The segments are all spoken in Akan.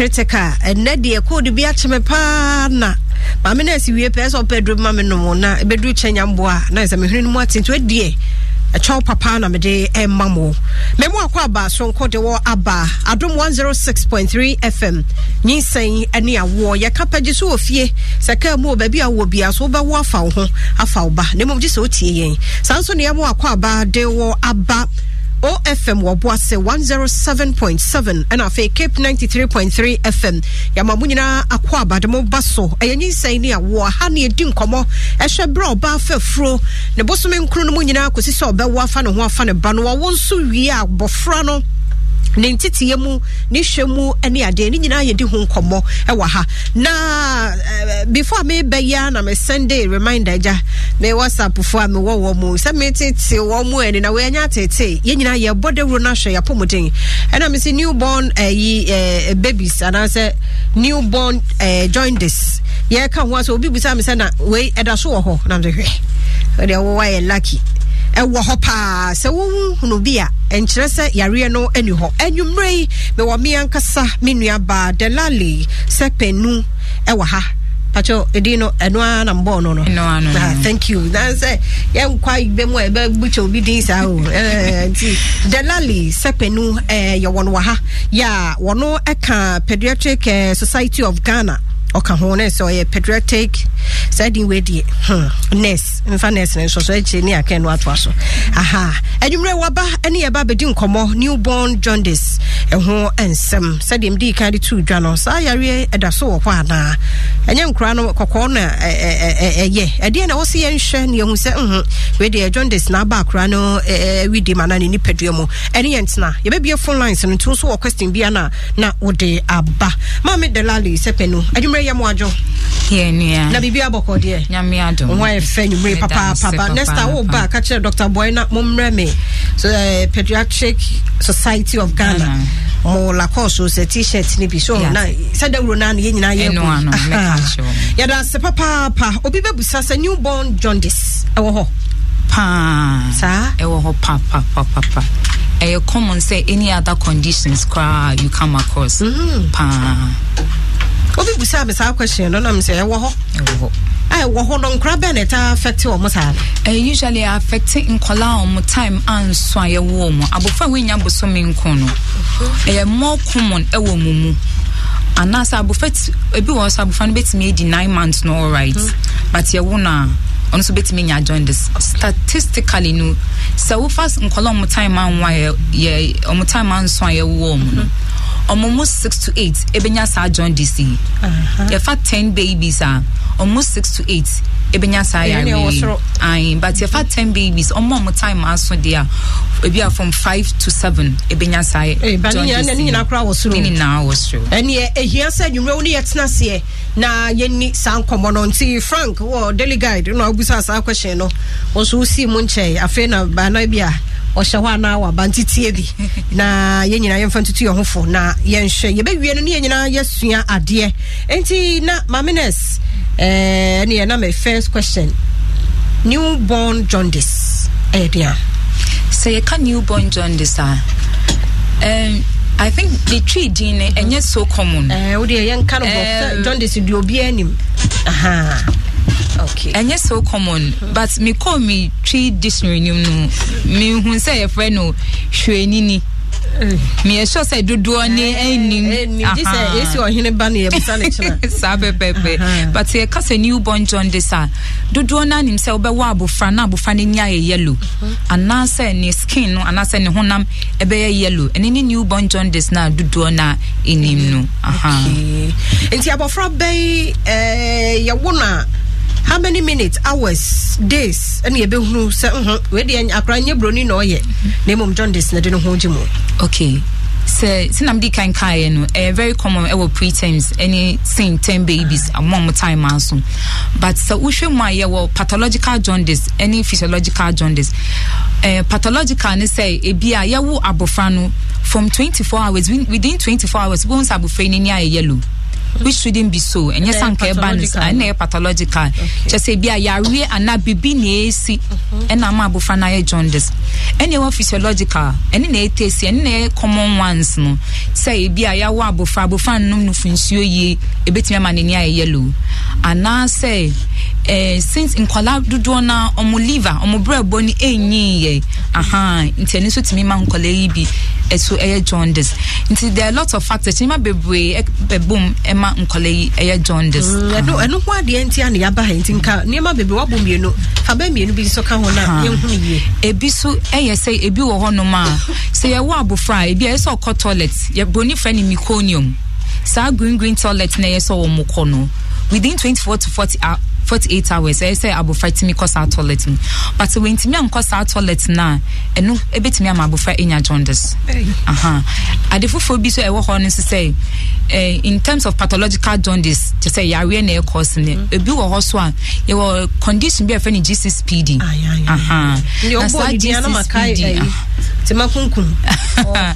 critical ɛnɛ deɛ koodi bi akyɛmɛ paa na maame na esi wie pɛ sɛ ɔpɛ aduro ma nom na ebeduru kyɛn nyamboa na ɛsɛ mehwene no mu nti edie ɛkyɛw papa na mede ɛma mo mɛmu akɔ aba soronko de wɔ aba oh point three fm nyinsɛn ɛne awoɔ yɛka pɛgye so wɔ fie sɛ kaa mu wɔ baabi a wɔ bia so wobɛwo afa wo ho afa wo ba na mmom gye sɛ wotie yɛn saa nso ne yɛmu akɔ aba de wɔ aba ofm wɔboa sɛ 107.7 ɛna afei cape 93.3 fm yɛama mo nyinaa akɔ abade ba so ɛyɛ nyinsɛn ne a wɔ ha ne ɛdi nkɔmmɔ ɛhwɛ berɛ a ɔba afafuro ne bosome nkuro no mu nyinaa kɔsi sɛ ɔbɛwo afa ne ho afa ne ba no wɔwo nso wie a bɔfra no ne nteteɛ mu ne hwɛ mu ne adeɛ ne nyinaa yɛdi ho nkɔmmɔ wɔ ha na uh, before mebɛyɛ na me sunday reminder agya me whatsapp fo a mewɔ wɔ mu sɛ metete wɔ mu ani na wɔanya atete yɛn nyinaa yɛbɔ dawuro no ahwɛ yɛapɔmuden ɛna me sɛ newborn uh, yi uh, babies anaasɛ newborn uh, joindes yɛka ho a obi bisa me sɛ na wei ɛda so wɔ hɔ na msɛ hwɛ deɛ wowayɛ lucky ɛwɔ hɔ paa sɛ wohunu bi a nkyerɛ sɛ yareɛ no ani hɔ anwummerɛ yi mewɔ me ankasa me nuabaa delale sɛ pɛnu ɛwɔ ha patro ɛdin no ɛno ara na mbɔɔ no no ah, thank you na sɛ yɛnkwa bɛ mu a yɛbɛbukyɛ obi din saa o eh, nti delali sɛpɛnu eh, yɛwɔ no wɔ ha yɛ a wɔno ɛka pediatric eh, society of ghana ɔka ho ne sɛ ɔyɛ pediatric saa din wei deɛ hmm. nurse mfa nurse ne nso so akyire ne aka no atoa so aha adwumerɛ waba ne yɛba bɛdi nkɔmmɔ newborn jaundice ɛho nsɛm sɛdeɛ mede kan de too dwa no saa yareɛ ɛda so wɔ hɔ anaa ɛnyɛ nkoraa no kɔkɔɔ no ɛyɛ ɛdeɛ na ɛwɔ sɛ yɛnhwɛ ne yɛhu sɛ mhm wei deɛ jaundice na aba akora no awidi ma na ne nipadua mu ɛne yɛntena yɛbɛbie phone lines no nti so wɔ question bia no a na wode aba ma me delali sɛ pɛ no adwumerɛ anɔpɛ yɛ mo adwo na biribi abɔ kɔdeɛ ɔho ayɛ fɛ nwummere papaapapa nesta woba mm. ka kyerɛ dr boy na mommrɛ me so, uh, pediatric society of ghana mm -hmm. mo lacoste sɛ t-shirt ne bi so yes. na sɛ dawuro no ano ah. yɛ nyinaa yɛ yɛda ase papaapa obi bɛbusa sɛ newborn jaundice ɛwɔ hɔ paa saa ɛwɔ hɔ papapapapa ɛyɛ common sɛ any other conditions koraa you come across mm -hmm. paa obi busa mi saa question no na mi sɛ ɛwɔ hɔ ah, ɛwɔ hɔ no nkora bɛn na ɛta affect wɔn saa. Eh, usually affect nkɔla a wɔn time anso a yɛwɔ wɔn abɔfra a wɔnya bosomi nko no ɛyɛ more common ɛwɔ wɔn mu anaasɛ abɔfra ebi wɔ hɔ sɛ abɔfra no bɛtumi adi nine months no all right mm-hmm. but yɛwɔ no ɔno nso bɛtumi nya join this statistically no sɛ wofa nkɔla ɔmo time anwa yɛ ɔmo time anso a yɛwowɔ ɔmo no ɔmo mo six to eight ebenya saa join this yi yɛfa ten babies a ɔmo six to eight ebenya saa yare yi ayin but yɛfa ten babies ɔmo ɔmo time aso deɛ ebi a from five to seven ebenya saa join this yi ne nyinaa kora wɔ soro ne nyinaa wɔ soro ɛni ehia sɛ nwumire wo ne yɛ tena seɛ na yɛ ni saa nkɔmɔ no nti frank wɔ daily guide na ɔbu. wɔbisa saa question no nso wosi mu nkyɛn afei na baana bi a ɔhyɛ hɔ anaa waba ntetie bi na yɛn nyinaa yɛmfa ntutu yɛn ho fo na yɛnhwɛ yɛbɛwie no ne yɛn nyinaa yɛsua adeɛ nti na mamines ɛɛ eh, ne yɛn nam first question newborn jaundice ɛyɛ eh, deɛ. sɛ yɛka newborn jaundice a um, i think the tree din no ɛnyɛ so common. ɛɛ eh, o deɛ yɛnka no bɔ jaundice di obi anim. okay ɛnyɛ so common but mi kɔ mi twi dictionary nim no mi hun sɛ yɛfrɛ no hwɛnini mìíràn sọ sẹ dodoɔ ni ɛnim Aha. esi ɔhene ba ni yɛbusa ne kyerɛ saa pɛpɛpɛ but yɛ kasa newborn jaundice a dodoɔ naa nim sɛ ɔbɛwɔ abofra na abofra ne nya yɛ yellow anaasɛ ne skin no anaasɛ ne honam ɛbɛyɛ yellow ɛne ne newborn jaundice na dodoɔ naa ɛnim no ahan. Uh-huh. nti abɔfra bɛyi ɛɛ eh, yɛwɔ na how many minutes hours days ɛna yɛbɛhunu sɛ nhun wedeɛ akora nye broni na ɔyɛ na emom jaundice na de ne ho gye mu. okay sɛ sɛ nam de kan kaeɛ no ɛyɛ very common ɛwɔ preterms ɛne sen ten babies amo ɔmo time aso but sɛ wohwɛ mu a yɛwɔ pathological jaundice ɛne physiological jaundice ɛɛ pathological ne sɛ ebi a yɛwo abɔfra no from twenty four hours within twenty four hours wɔn sɛ abɔfra yi ni ni ayɛ yellow which shouldn't be so ɛnyɛ sɛ nka ɛba no saa ɛna ɛyɛ pathological kyɛ sɛ a yɛareɛ anaa biribi na ɛsi ɛna ama abofra no ayɛ jaundice ɛne ɛwɔ physiological ɛne na ɛtɛsi ɛne na ɛyɛ common ones no sɛ ebi a yɛawɔ abofra abofra no nom no funsuo yie ɛbɛtumi e ama n'ani ayɛ yellow anaa sɛ eh, since nkwadaa dodoɔ na ɔmo liver ɔmo brɛ bɔ ni enyin yɛ ahan nti ɛni nso tumi ma nkwadaa yi bi ɛso ɛyɛ jaundice nti there are lots of factors ɛnima bebree ɛbɛbom ɛma nkwadaa yi ɛyɛ jaundice. Mm, ɛno ɛno ho adeɛ nti a na yaba ha nti nka nneɛma bebree wabɔ mmienu faba mmienu bi nso ka ho na yɛn ho yie. ebi so ɛyɛ sɛ ebi wɔ hɔnom a sɛ yɛwɔ abofra ebi a yɛ sɛ ɔkɔ toilet yɛ broni fɛ ne meconium saa green green toilet na yɛ sɛ kɔ no within twenty four to forty hours forty eight hours ɛyɛ sɛ abofra tumi kɔ saa toilet mu but wɔntumi ankɔ saa toilet na ɛno ebetumi ama abofra enya jaundice ade foforɔ bi so ɛwɔ hɔ no nso sɛ ɛɛ in terms of pathological jaundice te sɛ yareɛ na ɛkɔ so ne ebi wɔ hɔ so a yɛwɔ condition bi a yɛfɛ no gcspd na saa gcspd tema kunkun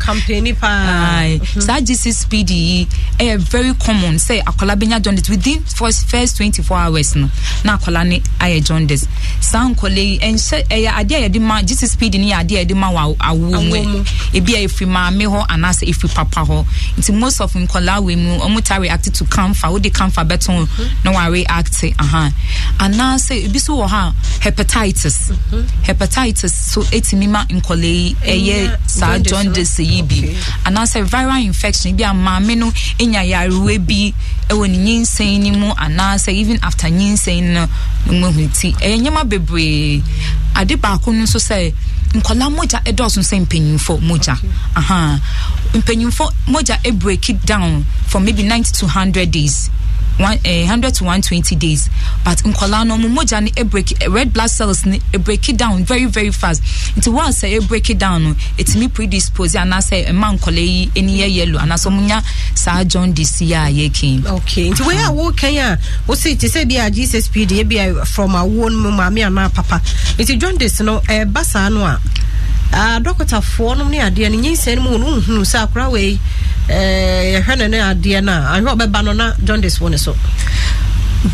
kampeni paa mm-hmm. saa gcspd yi ɛyɛ very common sɛ akwadaa benya jaundice within first twenty four hours no na akwadaa ne ayɛ jaundice saa nkwadaa yi nhyɛ ɛyɛ adeɛ a yɛde ma gyesi speed ne yɛ adeɛ a yɛde ma wɔ awoɔ mu ebi a efi maame hɔ anaasɛ efi papa hɔ nti most of nkwadaa wɔ mu wɔn ta react to kamfa wɔde kamfa bɛtɔn na wɔn react ahan anaasɛ ebi so wɔ ha hepatitis mhm. hepatitis so eti etimi ma nkwadaa yi ɛyɛ mm, saa jaundice yi bi anaasɛ viral infection bi a maame no enya yarewa bi ɛwɔ ne nyinsɛn ne mu anaasɛ even after nyinsɛn sɛn no mahu eh, ti ɛyɛ nneɛma bebree ade baako no nso sɛ nkɔla mogya ɛdɔɔso sɛ mpanyinfo mogya aha mpanyinfo mogya ebreki down for maybe ninety to hundred days one eh, hundred to one twenty days but nkɔla no ɔmo mogya no break eh, red blood cells no eh, break it down very very fast what say asɛ break it down no me predispose I ɛma nkɔla yi ani eh, yɛ yellow anaasɛ ɔmo nya saa jaundice yi a yɛ kɛn. okay nti wɔn a wɔkɛn a wɔsi ti sɛ bi a gss pd ebi a from awo no mu maame anaa papa John jaundice no ɛɛba basa no adɔkotafoɔ nom ne adeɛ no nyɛnsia no mu no wohunu sɛ akora wei eh, yɛhwɛ ne ne adeɛ no a ahwɛ ɔbɛba no na jaundice wɔ ne so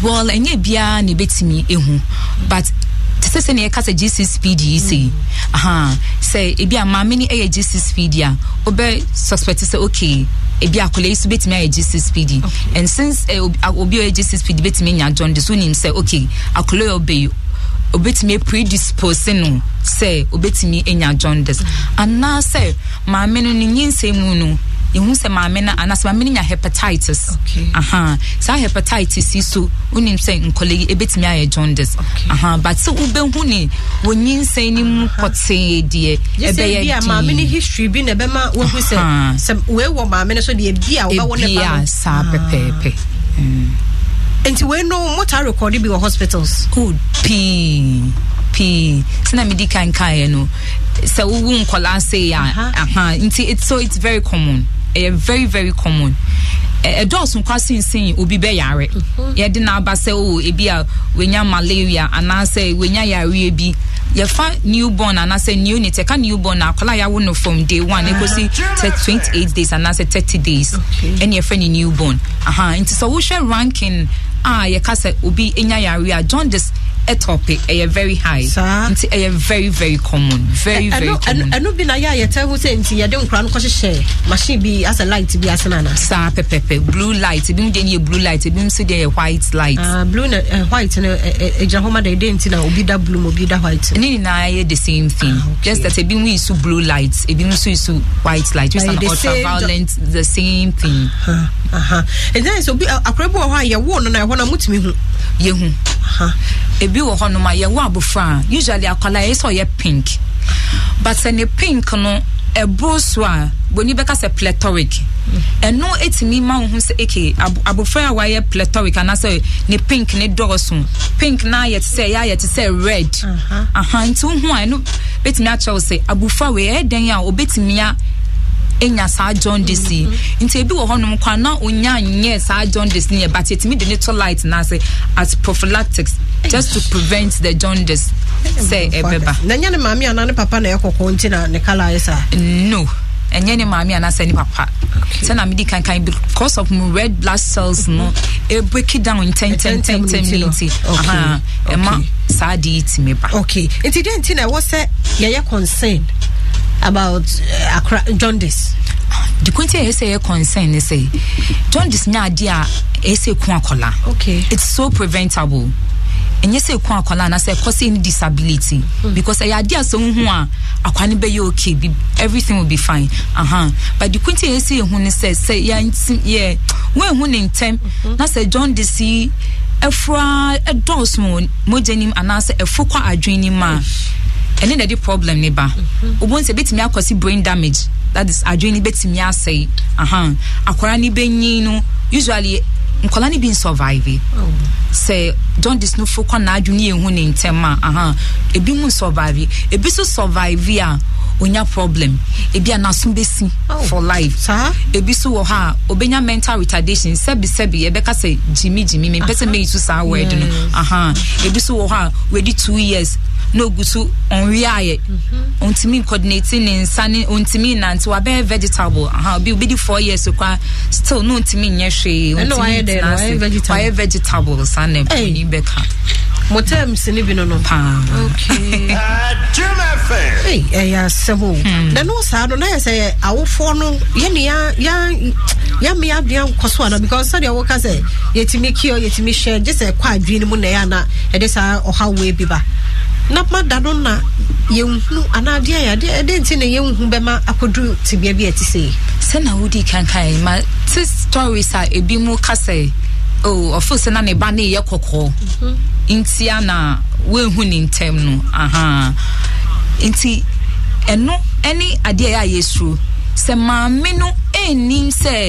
well ɛnyɛ biara na ɛbɛtumi ɛhu but sɛ sɛ ne yɛka sɛ gc speed yi sei mm. aha sɛ ebi a maame ni ɛyɛ gc speed a wobɛ suspect sɛ okay ebi akwadaa yi so betumi ayɛ gc speed and since eh, obi a ɔyɛ gc speed betumi nya jaundice wonim sɛ okay akwadaa yi ɔbɛ yi obetumi predispose no sɛ obetumi enya jaundice anaasɛ maame no ne nyinsɛn mu no ihu sɛ maame no anaasɛ maame no nya hepatitis aha saa hepatitis yi so wonim sɛ nkɔla yi ebetumi ayɛ jaundice aha but sɛ wobɛhu ne wɔ nyinsɛn no mu pɔtee deɛ ɛbɛyɛ dii maame no history bi na ɛbɛma wohu sɛ sɛ wei wɔ maame no so deɛ bi a wobɛwɔ ne ba no saa pɛpɛɛpɛ ah. mm nti wei no motaa rekɔde bi wɔ hospitals good pii pii sena medi kan kaeɛ no sɛ wowu nkɔlaa sei a aha nti it's so it's very common ɛyɛ very very common ɛdɔɔso nkwa sinsin obi bɛyare mhm. yɛde n'aba sɛ o oh, ebi a wenya malaria anaasɛ wenya yareɛ bi yɛfa newborn anaasɛ neonate ɛka newborn na akwadaa yɛawo no from day one ekosi twenty eight days anaasɛ thirty days ɛna yɛfɛ ne newborn aha nti sɛ wohwɛ ranking a ah, yɛka sɛ obi ɛnya yare a jaundice ɛtɔpe ɛyɛ very high nti ɛyɛ very very common very eh, eh, very ɛno, eh, common ɛno bi na yɛ a yɛtɛ ho sɛ nti yɛde nkura no kɔhyehyɛ machine bi asɛ light bi ase nana saa pɛpɛpɛ blue light ebi mu deɛ no yɛ blue light ebi mu nso deɛ yɛ white light ah, blue na white no ɛgyina hɔ ma da ɛde nti na obi da blue ma obi da white e ni nyinaa yɛ e the same thing ah, just that ebi mu isu blue light ebi mu nso isu white light just an e ultraviolet the same thing ɛnyɛ sɛ obi akora bi wɔ hɔ a yɛwoo no na ɛhɔ na mutumi hu yɛhu ebi wɔ hɔnom a yɛwɔ abofra a usually akwalaa yɛ sɛ ɔyɛ pink but sɛ ne pink no ɛboro so a boni bɛka sɛ plethoric ɛno etumi ma wo ho sɛ eke abofra a wayɛ plethoric anaasɛ ne pink ne dɔɔso pink na ayɛ te sɛ ɛyɛ ayɛ te sɛ red ahan ho a ɛno betumi akyerɛw sɛ abofra wei ɛyɛ dɛn a obetumi a enya saa jaundice yi nti ebi wɔ hɔnom kwan na onya nyɛ saa jaundice ni yɛ but etimi de ne to light n'ase as prophylactics just to prevent the jaundice sɛ ɛbɛba. na nyɛ ne maame anaa papa na ɛyɛ kɔkɔɔ nti na ne kala ayɛ saa. no ɛnyɛ ne maame anaasɛ ne papa sɛna mede kankan because of mu red blood cells no ɛbreki e down ntɛntɛntɛntɛm ne nti ɛma saa de yi tumi ba okay nti dɛn nti na ɛwɔ sɛ yɛyɛ concern about uh, akra jaundice the kwanti a yɛsɛ yɛ concern ne sɛ jaundice nyɛ adeɛ a ɛsɛ ku akɔla okay it's so preventable ɛnyɛ sɛ ɛko akwadaa anaasɛ ɛkɔ sɛ ɛni disability mm. because ɛyɛ adeɛ asɛ ohun a akwadaa bɛyɛ okay bi everything will be fine uh -huh. but the kwinti yɛ sɛ ehun ne sɛ sɛ yɛ yɛ wɔn ehun ne ntɛm hmm. na sɛ john de si ɛfura ɛdɔɔso wɔ mogya nim anaasɛ ɛfokɔ adwene nim a ɛne na ɛde problem ne ba hmm. obon sɛ ebetumi akɔsi brain damage that is adwene ne betumi asɛe akwadaa ne benyin no usually nkwadaa no bi nsɔvaive sɛ jaundice no fo na n'adwene yɛ hu ne ntɛm a ebi mu nsɔvaive ebi so sɔvaive a onya problem ebi anaso besi oh. for life saa ebi so wɔ hɔ a obenya mental retardation sɛbi sɛbi yɛbɛka sɛ jimi jimi mi mpɛ sɛ meyi so saa word no aha ebi so wɔ hɔ a wadi two years mhm. na ogu so ɔnwe ayɛ ɔntumi coordinate ne nsa ne ɔntumi nante wabɛyɛ vegetable aha obi obi di four years kɔ still na ɔntumi nyɛ hwee ɔntumi ntena ase wayɛ vegetable saa na bɛka mo terms ni bi no no paa ɛyɛ asɛm o na no saa no na yɛ sɛ awofoɔ no yɛne yɛmmea abea nkɔ so ana because sɛdeɛ woka sɛ yɛtumi kiɔ yɛtumi hyɛ gye sɛ kɔ adwene no mu na ɛyɛ ana ɛde saa ɔhaw wei bi ba na mada no na yɛnhunu anaa deɛ yɛ adeɛ ɛdeɛ nti na yɛnhu bɛma akɔduru tebea bi ɛte sɛ yi wodi kankan ma te stories a ebi mu ka sɛ o oh, sɛ na na ba ne ntị a na wee woehu ne ntɛm no aha nti ɛno ne adeɛ a yɛsuro sɛ maame no ɛnnim sị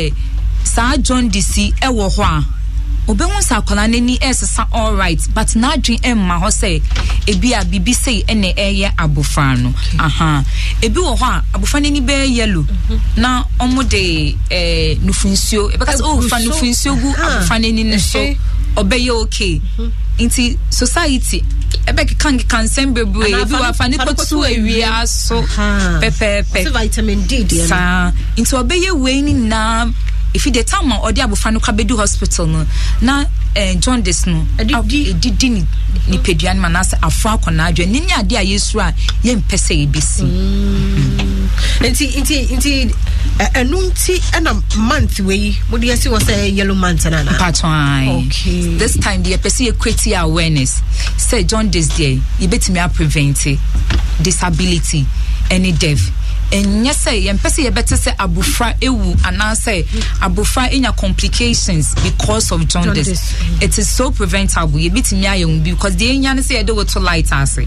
saa jaundice wɔ hɔ a obɛhu sɛ akwadaa n'ani ɛresesa all right but n'adwene ɛmma hɔ sɛ ebi a bibi sei ɛna ɛyɛ abofra no aha ebi wɔ hɔ a abofra n'ani bɛyɛ yellow mhm. na wɔn de ɛɛ eh, nufu nsuo ɛbɛka sɛ ɔwɔ oh, fa nufu nsuo gu abofra n'ani no so ɔbɛyɛ okay mhm. nti society ɛbɛkeka nkeka nsɛm bebree ebi wɔ afa nipa tu awia so pɛpɛɛpɛ saa nti ɔbɛyɛ wei ni nyinaa ɛfide time a ɔde abofra no ka Kabedu hospital no na eh, jaundice no ɛdidi eh, eh, ne nipadua no ma mm. naasɛ afo akɔnaa adwa ne nyɛ adeɛ a yɛsuro a yɛmpɛ sɛ yɛbɛsi mm. nti nti nti ɛnu eh, nti ɛna month wei yi mo de ɛsi wɔ sɛ yellow month na na. patwan okay this time the equity awareness. Say John, this day, you jaundice deɛ yɛbɛtumi prevent disability any death ɛnyɛ sɛ yɛmpɛ sɛ yɛbɛte sɛ abofra ewu anaasɛ abofra enya complications because of jaundice, mm. it is so preventable yɛbɛtumi ayɛ wɔn bi because deɛ enya no sɛ yɛde wɔto light ase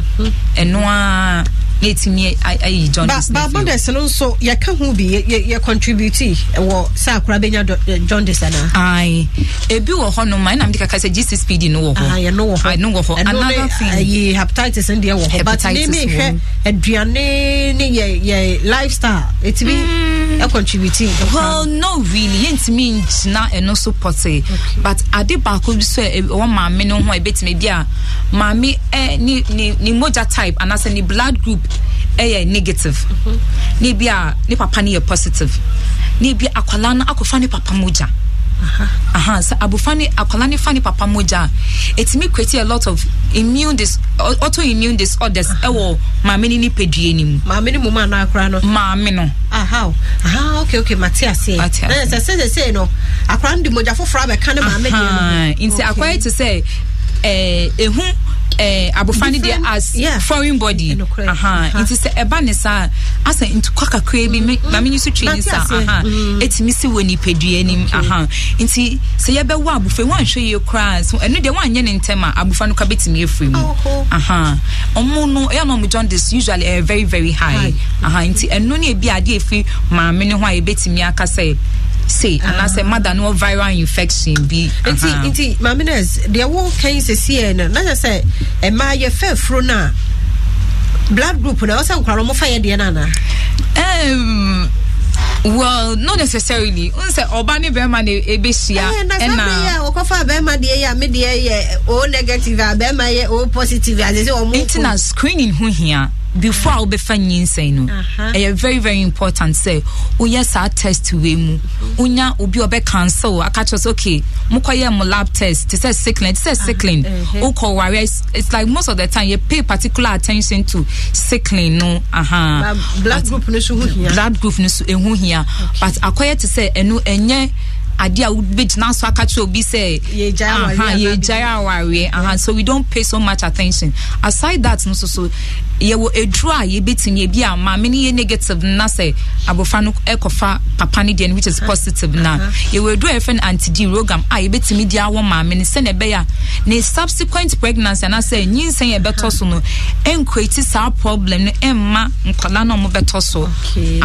ɛno ara na etumi ayi jaundice ba jaundice no nso yɛka ho bi yɛ yɛ contribute eh, wɔ sɛ akora bɛnya eh, jaundice ana. ayi ebi wɔ hɔ nom ɛna mi kaka sɛ gcpd no wɔ hɔ ɛno wɔ hɔ ɛno wɔ hɔ another thing ɛno ne ayi hepatitis n deɛ wɔ hɔ but ne mi hwɛ aduane ne yɛ yɛ lifestyle ɛtumi mm. ɛcontributing well no really yɛntumi ngyina ɛno so pɔte but ade baako bi so a ɛwɔ maame no ho a ɛbɛtumi bi a maame ni ni moja type anaasɛ ni blood group ɛyɛ negative ne bi a ni papa ni yɛ positive ne bi akwalaa no akɔfa ne papa mogya aha sɛ abofa ne akwala ne fa ne papa mogya a ɛtumi create a lot of immune dis autoimmune disorders ɛwɔ maame ne nipadua no mu maame no mom anaa akora no maame no aha aha okay okay mate aseɛ na sɛ sɛ sɛ no akora no de mogya foforɔ abɛka ne maame deɛ no nti akwaa te sɛ ɛɛ eh, ehu eh, abofa no deɛ as yeah. foreign body nti sɛ ɛba ne saa asɛ ntokwa kakraa bi ma menyi so twe ne saa ɛtumi mm-hmm. si wɔ nipadua anim nti sɛ yɛbɛwɔ abofa woanhwɛ yie koraa so ɛno deɛ woanyɛ ne ntɛm a abofa no ka bɛtumi afiri mu oh, ɔmo no ɛyɛ no ɔmo jaundice usually ɛyɛ very very high nti ɛno ne ebi adeɛ ɛfiri maame ne ho a yɛbɛtumi aka sɛ se anaasɛ mada no viral infection bi. nti uh-huh. nti maame nurse deɛ wɔn kɛn sisi yɛ no na yɛ sɛ mmaa yɛ fɛ furo na blood group na ɔsɛ nkwaraa wɔn fa yɛ deɛ nana. Um, well not necessarily n sɛ ɔba ne bɛrima na ebehyia ɛna uh, ɛna ɔkɔfa bɛrima deɛ yɛ a me deɛ yɛ o oh, negative a bɛrima yɛ o oh, positive a sɛ sɛ ɔmo. ntina screening ho hia. before a wobɛfa nyinsɛn no ɛyɛ very very important sɛ woyɛ saa test wei mu wonya obi a ɔbɛcancel aka kyerɛ sɛ okay mokɔyɛ mo lab test te sɛ sickling te sɛ ah, sickling wokɔ ware it's like most of the time you pay particular attention to sickling no aha blood group no so ho hia blood group no so ɛho hia but akɔyɛ te sɛ ɛno ɛnyɛ adeɛ a wobɛgyina so aka kyerɛ obi sɛ yɛgyae awareɛ so we don't pay so much attention aside that no so so yɛwɔ eduro a yɛbɛtumi ebi a maame ne yɛ negative na sɛ abofra no ɛkɔfa papa no deɛ no which is positive na yɛwɔ eduro a yɛfɛ no antidi a yɛbɛtumi de awɔ maame no sɛnɛ ɛbɛyɛ a ne subsequent pregnancy anaasɛ nyinsɛn yɛbɛtɔ so no ɛnkureti saa problem no mma nkɔla na ɔmo bɛtɔ so. ok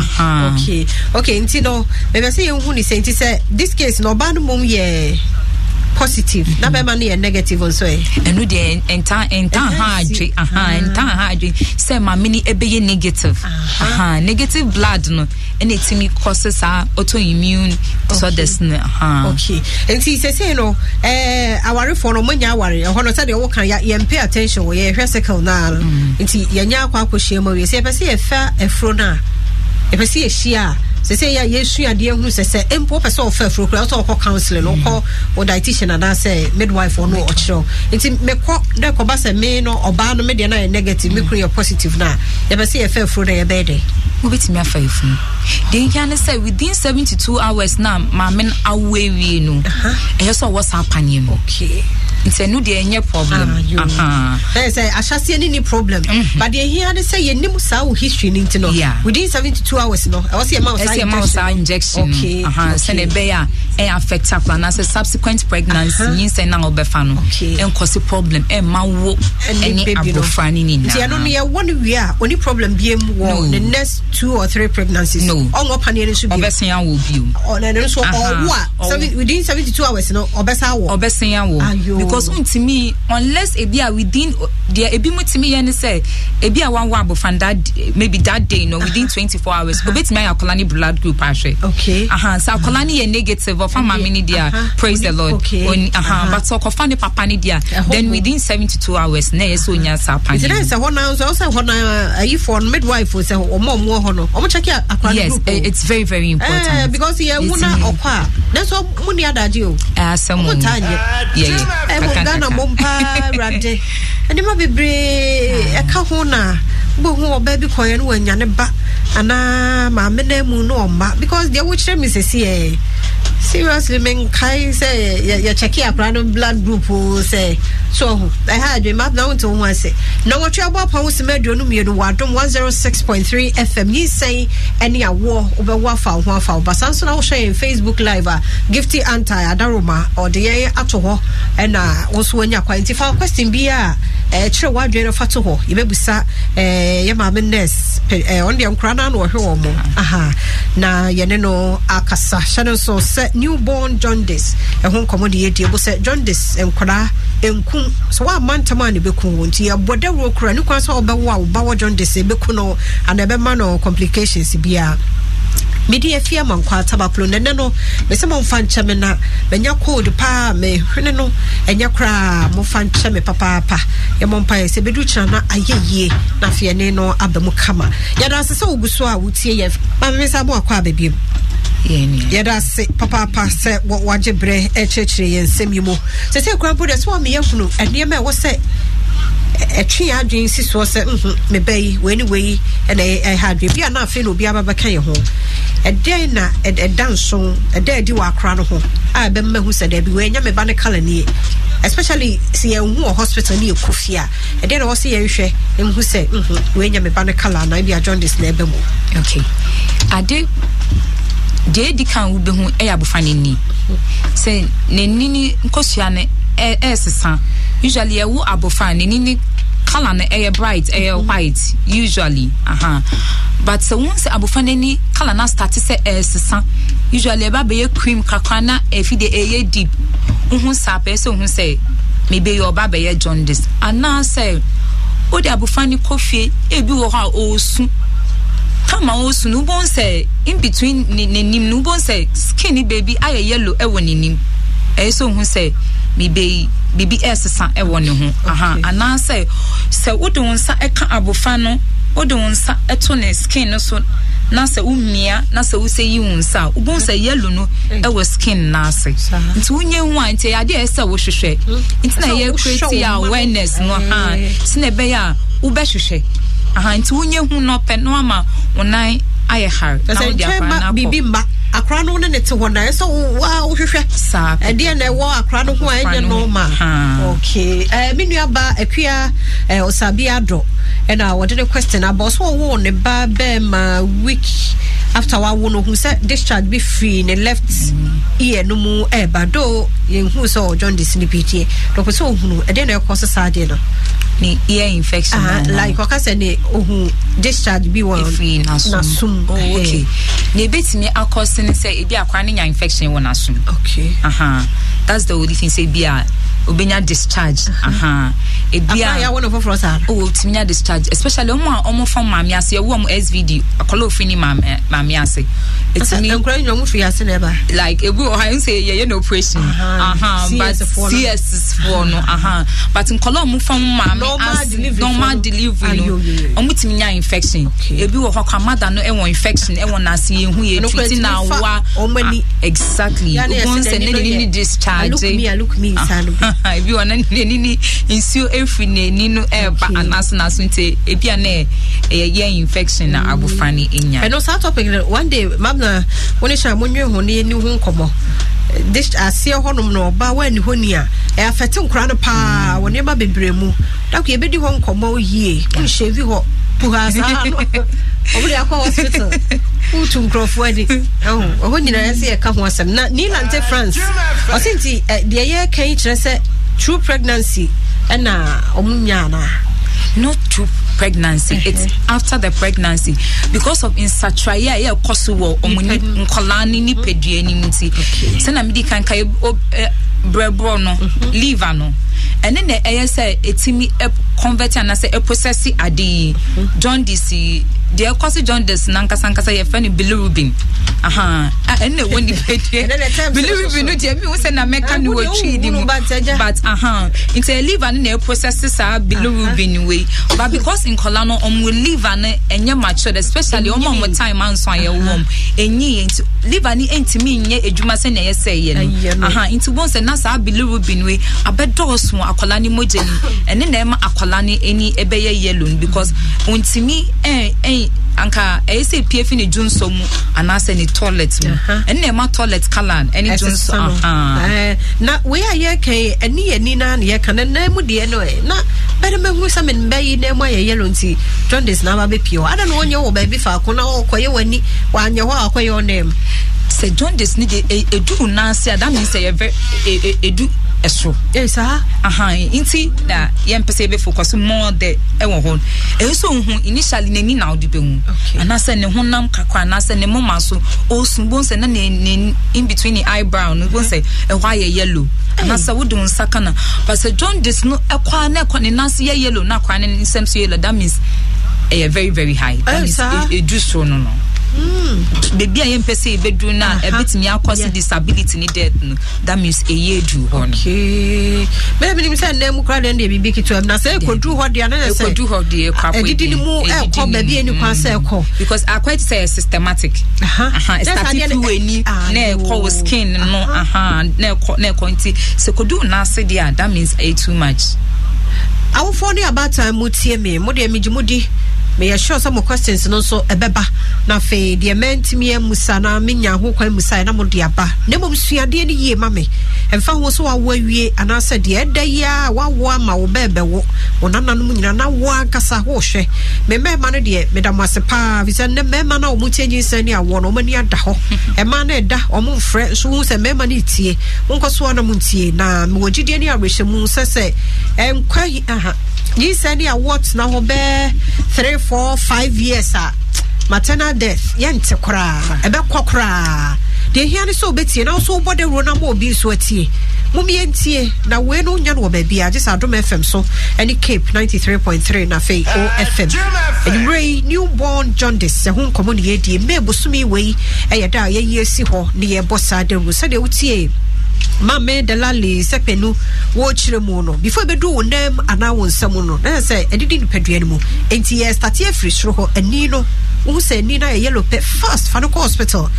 ok okay nti no bɛbɛ sɛ yɛn hu ne sɛ nti sɛ this case na ɔbaa no yɛ. positive mm -hmm. na bɛma no yɛ negative nso ɛ ɛno deɛ ɛnta ɛnta ha adwe aha ɛnta ha adwe sɛ maame no ɛbɛyɛ negative aha negative blood no ɛna ɛtumi kɔse saa autoimmune disorders no aha okay nti sɛsei no ɛɛ eh, awarefoɔ no mɔnya aware ɛhɔ no sɛdeɛ wɔka yɛn pay attention wɔ yɛhwɛ cycle naa no mm. nti yɛnya akɔ akɔhyia mu awie sɛ yɛpɛ sɛ yɛfa ɛfuro no a yɛpɛ sɛ yɛhyia a sese ya yɛsu adeɛ hu sɛ sɛ mpo pɛ sɛ ɔfa afuro kura wosɛ ɔkɔ counseling ɔkɔ o dietitian anaasɛ midwife ɔno ɔkyerɛw nti mekɔ dɛ kɔba sɛ me no ɔbaa no medeɛ no ayɛ negative me kuru yɛ positive no a yɛbɛ sɛ yɛfa afuro na yɛbɛyɛ dɛn wobɛtumi afa afunu deɛ nka ne sɛ within 72 hours na maame no awo awie no ɛyɛ sɛ ɔwɔ saa paneɛ mu okay. ntɛ nu deɛ ɛnyɛ problem ɛyɛ ah, sɛ ahyɛseɛ ne ne problem mhm. but deɛ ɛhia ne sɛ yɛnim saa wo history no nti no within 72 hours no ɛwɔ sɛ yɛma wo saa injection sɛne ɛbɛyɛ a ɛyɛ affect akora anaasɛ subsequent pregnancy nyinsɛn na ɔbɛfa no ɛnkɔsi problem ɛmma wo ɛne abɔfra ne nyinaa. nti ɛno no yɛwɔ no wie a oni problem bie mu wɔ the next two or three pregnancies. no ɔnwɔ paneɛ no nso bio ɔbɛsen awɔ bio. ɔnɛ no nso ɔwɔ within seventy two hours no ɔbɛsa awɔ. ɔbɛsen awɔ because ntumi unless ebi a within. deɛ ebi mu tumi yɛ ne sɛ ebi a wanwɔ abɔfra that maybe that day no within twenty four hours obetumi ayɛ akɔla ne blood group ahwɛ okay akɔla ne yɛ negative ɔfa maame ne deɛ praise the lord but ɔkɔfa ne papa ne deɛ then within seventy two hours na yɛ sɛ onya saa pan yi. ìdílé sɛ hɔ nan sɛ ɔsɛ hɔ nan midwife sɛ ɔmɔ ɔmɔ hɔ no ɔmɔ kyɛkɛ akɔla ne group eh, o oh. yes it's very very important. ɛɛ eh, because yɛ mu ɔkɔ a ne nso mu ni adagye o. Oh. ɛɛ asɛm ah, mu yɛ yɛ kakanaka ɛmu ghana mu mpaa awurade ɛnima bebree ɛka ho na wohu ɔbaa bi kɔeɛ no wanya ba anaa maame no mu no ɔmma because deɛ wokyerɛ me sɛsi seriously menkae sɛ yɛkyɛke akora no blood group o sɛ so ɔho ɛha adwe ma na wonte wo ho ase na wɔtwe abɔ apa wo sema aduonu mmienu wɔ adom 106.3 fm yinsɛn ne awoɔ wobɛwo afa wo ho afa wo ba saa nso na wohwɛ yɛn facebook live a gifty anti adaroma ɔde yɛn ato hɔ ɛna wo so wanya kwan nti fa question bi a ɛkyerɛ w'adwene no fa to hɔ yɛbɛbusa ɛɛ yɛ maame nurse ɔno deɛ nkora no ana ɔhwɛ wɔ mo aha na yɛne no akasa hyɛ no nso sɛ newborn jaundice ɛho nkɔmmɔ de yɛdie bo sɛ jaundice nkora nkum sɛ woamma ntam a ne bɛkum wɔ nti yɛbɔ dawuro kora ne kwan sɛ ɔbɛwo a woba wɔ jaundice ɛbɛku no anaa ɛbɛma no complications biara mede afie ama nkɔ atabapolo nɛnɛ no mesɛ momfa nkyɛ me na manya cold paa mehwene no ɛnyɛ koraa momfa nkyɛ me papaapa yɛmɔ mpaeɛ sɛ bɛdu kyina no ayɛ yie na afei ɛne no aba mu kama yɛda ase sɛ wogu so a wotie yɛ mameme sɛ bo akɔ aba biom yɛda se papaapa sɛ wagye e berɛ ɛkyerɛkyerɛ yɛ nsɛm yi mu sɛ sɛ kura mpo dɛ sɛ wɔmeyɛ hunu nneɛma e ɛwɔ sɛ ɛtwe yɛ adwene si soɔ sɛ meba yi wei ne wei ɛna ɛha adwene bi a na afei na obi aba bɛka yɛ ho ɛdɛn na ɛda nson ɛdɛn adi wɔ akora no ho a ɛbɛmma hu sɛ daabi wei ɛnyɛ meba ne kala nie especially sɛ yɛnhu wɔ hospital ne yɛkɔ fie a ɛdeɛ na ɛwɔ sɛ yɛnhwɛ nhu sɛ wei nya meba ne kala anaa bi ajoindis na ɛbɛ mu okay ade deɛ edi kan wobɛhu ɛyɛ abofa no ni mm. sɛ n'ani ne nkɔsua no ɛɛsesa usually ɛwo abụfa ne ni na colour no bright ɛyɛ eh, white usually aha uh-huh. but sɛ wɔn sɛ abɔfra na ani colour start sɛ eh, usually ɛba eh, bɛyɛ cream kakra na efi de ɛyɛ deep ohun sɛ sɛ ohun sɛ maybe yɛ ɔba jaundice de abɔfra no kɔ ebi wɔ hɔ a kama no sɛ in between n'anim no sɛ skin ayɛ yellow ɛwɔ n'anim ɛyɛ sɛ ohun sɛ maybe. biribi ɛresesa ɛwɔ ne ho aha anaasɛ sɛ wode wo nsa ɛka abofa no wode wo nsa ɛto ne skin no so na sɛ womia na sɛ wosɛ yi wo nsa a wobɛhu sɛ mm-hmm. yɛlo no mm. ɛwɔ skin no ase nti wonyɛ hu a nti adeɛ ɛsɛ wohwehwɛ mm. nti na yɛkreti a awareness no ha sina eh. ɛbɛyɛ a wobɛhwehwɛ aha nti wonyɛ hu no ɔpɛ no ama wo nan ayɛ hare na wode afa no akɔ akora no ne ne te hɔ na ɛsɛ wa wohwehwɛ ɛdeɛ na ɛwɔ akora no ho a ɛnyɛ nɔɔma okay ɛɛ me nua ba akua ɛɛ ɔsabi adɔ ɛna wɔde ne question abɔ so wɔwɔ ne ba bɛɛ ma week after wawo no hu sɛ discharge bi firi ne left ear no mu ɛɛba do yɛnhu sɛ ɔjɔn de sini bi deɛ dɔkɔ sɛ ohunu ɛdeɛ na ɛkɔ so saa no ne ear infection uh, like ɔka sɛ ne ohun discharge bi wɔ ɛfiri nasum oh, okay na ebetumi akɔ se ne sɛ ebi akwa ne nya infection wɔ nasum okay uh-huh. that's the only thing sɛ bi a obenya discharge aha ebi a awo no foforɔ saa o oh, tumi nya discharge especially ɔmo a ɔmo fɔ maame ase ɛwɔ ɔmo svd akɔlɔ ofin ni maame maame me ase ɛtumi nkura nyina ɔmu firi ase na ɛba like ebi wɔ ha n sɛ yɛyɛ na operation but cs four, no but nkɔla ɔmu fa mu maame as normal delivery no ɔmu tumi nya infection ebi wɔ hɔ kamada no ɛwɔ infection ɛwɔ n'ase yɛn ho yɛ tuti na awa ah, exactly ohun sɛ ne nini discharge ah, ebi wɔ ne nini nsuo efiri n'ani no ɛɛba anaso n'aso nti ebi a ne ɛyɛ infection na abofra ne enya. ɛno saa topic pregnant one day mam na wone hyɛ a monwe ho ne yɛni ho nkɔmmɔ aseɛ hɔnom na ɔba woani hɔ ni a ɛafɛte nkora no paa mm. wɔ nneɛma bebree mu dako yɛbɛdi hɔ nkɔmmɔ yie wonhyɛvi hɔ puha saa no wotu nkurɔfoɔ ani ɛho nyinaa sɛ yɛka ho asɛm na nelante france ɔse nti deɛ yɛka yi kyerɛ sɛ true pregnancy ɛna ɔmo nya anaa pregnancy. Mm-hmm. It's after the pregnancy because of insatraya yɛ ɛkɔ so wɔ ɔmo ni mm-hmm. nkɔlaa ni mm-hmm. ni pedua ni mu ti. sɛ na brɛborɔ no mhm. liver no ɛne na ɛyɛ sɛ ɛtumi convert anaasɛ ɛprocess ade yi mhm. jaundice yi deɛ ɛkɔ se jaundice nankasa nkasa yɛfrɛ no bilirubin aha ɛne na ɛwɔ nipa deɛ bilirubin no deɛ mihu sɛ na mɛka no wɔ twi di mu but aha nti liver no na ɛprocess saa bilirubin wei but because nkɔla no ɔmo liver no ɛnyɛ matured especially ɔmo ɔmo time anso a yɛwɔ ɛnyi yɛ nti liver no ɛntumi nyɛ adwuma sɛ na ɛyɛ sɛ ɛyɛ no aha nti wɔn sɛ na saa bilirubin wei abɛdɔɔso akwadaa ne mogya ni ɛne na ɛma akwadaa ne ani ɛbɛyɛ yellow because ntumi ɛn ɛn anka ɛyɛ sɛ epie fi ne junso mu anaasɛ ne toilet mu ɛne na ɛma toilet colour ɛne junso na wei a yɛka yi ɛni yɛ ni na yɛka na nan mu deɛ no ɛ na bɛrima hu sɛ mene bɛyi na mu ayɛ yellow nti jaundice na aba bɛpie hɔ ada na wɔnyɛ wɔ baabi faako na ɔkɔyɛ w'ani wanyɛ hɔ a ɔkɔyɛ ɔnam sɛ jaundice ni de e, edu nansi a that means sɛ yɛ very e, edu ɛso. ee saa. ahan nti na yɛn mpɛ sɛ yɛ bɛ focus more de ɛwɔ hɔ ɛyɛ sɛ ohun initially n'ani na ɔde bɛ mu. okay anaasɛ ne ho nam kakra anaasɛ ne moma so osun bon sɛ na ne ne in between ne eyebrow no bon sɛ ɛhɔ ayɛ yellow anaasɛ wode wo nsa ka na pasɛ jaundice no ɛkɔa na ɛkɔ ne nansi yɛ yellow na akɔa ne nsɛm so yellow that means ɛyɛ very very high. ɛyɛ saa that means e, edu soro no no. Hmm. Baby, a yɛn mpɛ sɛ yɛbɛduru no a ɛbɛtumi akɔsi disability ne death no that means ɛyɛ aduru hɔ no bɛɛbi nim sɛ nnɛ mu koraa deɛ no deɛ biribi ketewa mu na sɛ ɛkɔduru hɔ deɛ anɛ sɛ ɛkɔduru hɔ deɛ ɛkɔ akɔ ɛdidi ne mu ɛkɔ baabi ɛni kwan sɛ ɛkɔ because akɔ ti sɛ ɛyɛ systematic ɛsati fi wɔ ani na ɛkɔ wɔ skin no uh-huh. Uh-huh. na ɛkɔ na ɛkɔ nti sɛ ɛkɔduru n'ase deɛ a that means ɛyɛ too much awofoɔ ne abaatan uh, mu tie me mo deɛ megye mo di meyɛ sure sɛ mo questions no nso ɛbɛba eh, na afei deɛ mantumi amusa na menya ho kwan musaeɛ na mode aba na mmom suadeɛ no yie ma me ɛmfa ho sɛ wawo awie anaasɛ eh, deɛ ɛda yi a wawo ama wo bɛɛbɛwo wo nananom nyina na wo ankasa wohwɛ me mmarima no deɛ meda mo ase paa fi nnɛ mmarima no a ɔmotie nyinsɛn ne awoɔ no ɔmani ada hɔ ɛma no ɛda ɔmo mfrɛ nso hu sɛ mmarima no retie wonkɔ so a na montie na mewɔ gyidie ne awerɛhyɛ mu sɛ sɛ ɛnkwa eh, aha yi sɛ ne award na hɔ bɛɛ three four five years a maternal death yɛnte koraa ɛbɛkɔ koraa deɛ hia ne sɛ wobɛtie na wo so wobɔ dawuro no ma obi nso atie momiɛntie na wei no wonya no wɔ baabi a gye sɛ fm so ne cape 93.3 na afei ofm anwummerɛ yi newborn jaundice sɛ ho nkɔmmɔ ne yɛdie mmaa bosome wei ɛyɛ da a yɛyi asi hɔ ne yɛbɔ saa dawuro sɛdeɛ wotie maame dala sepenu sɛ pɛnu wɔrekyerɛ mu no before ebedu wɔn nan mu anaa wɔn nsa mu no ɛna sɛ ɛdidi nipadua no mu nti yɛ state afiri soro hɔ ani no wɔn sɛ ani no ayɛ yellow pɛ fast fa no kɔ hospital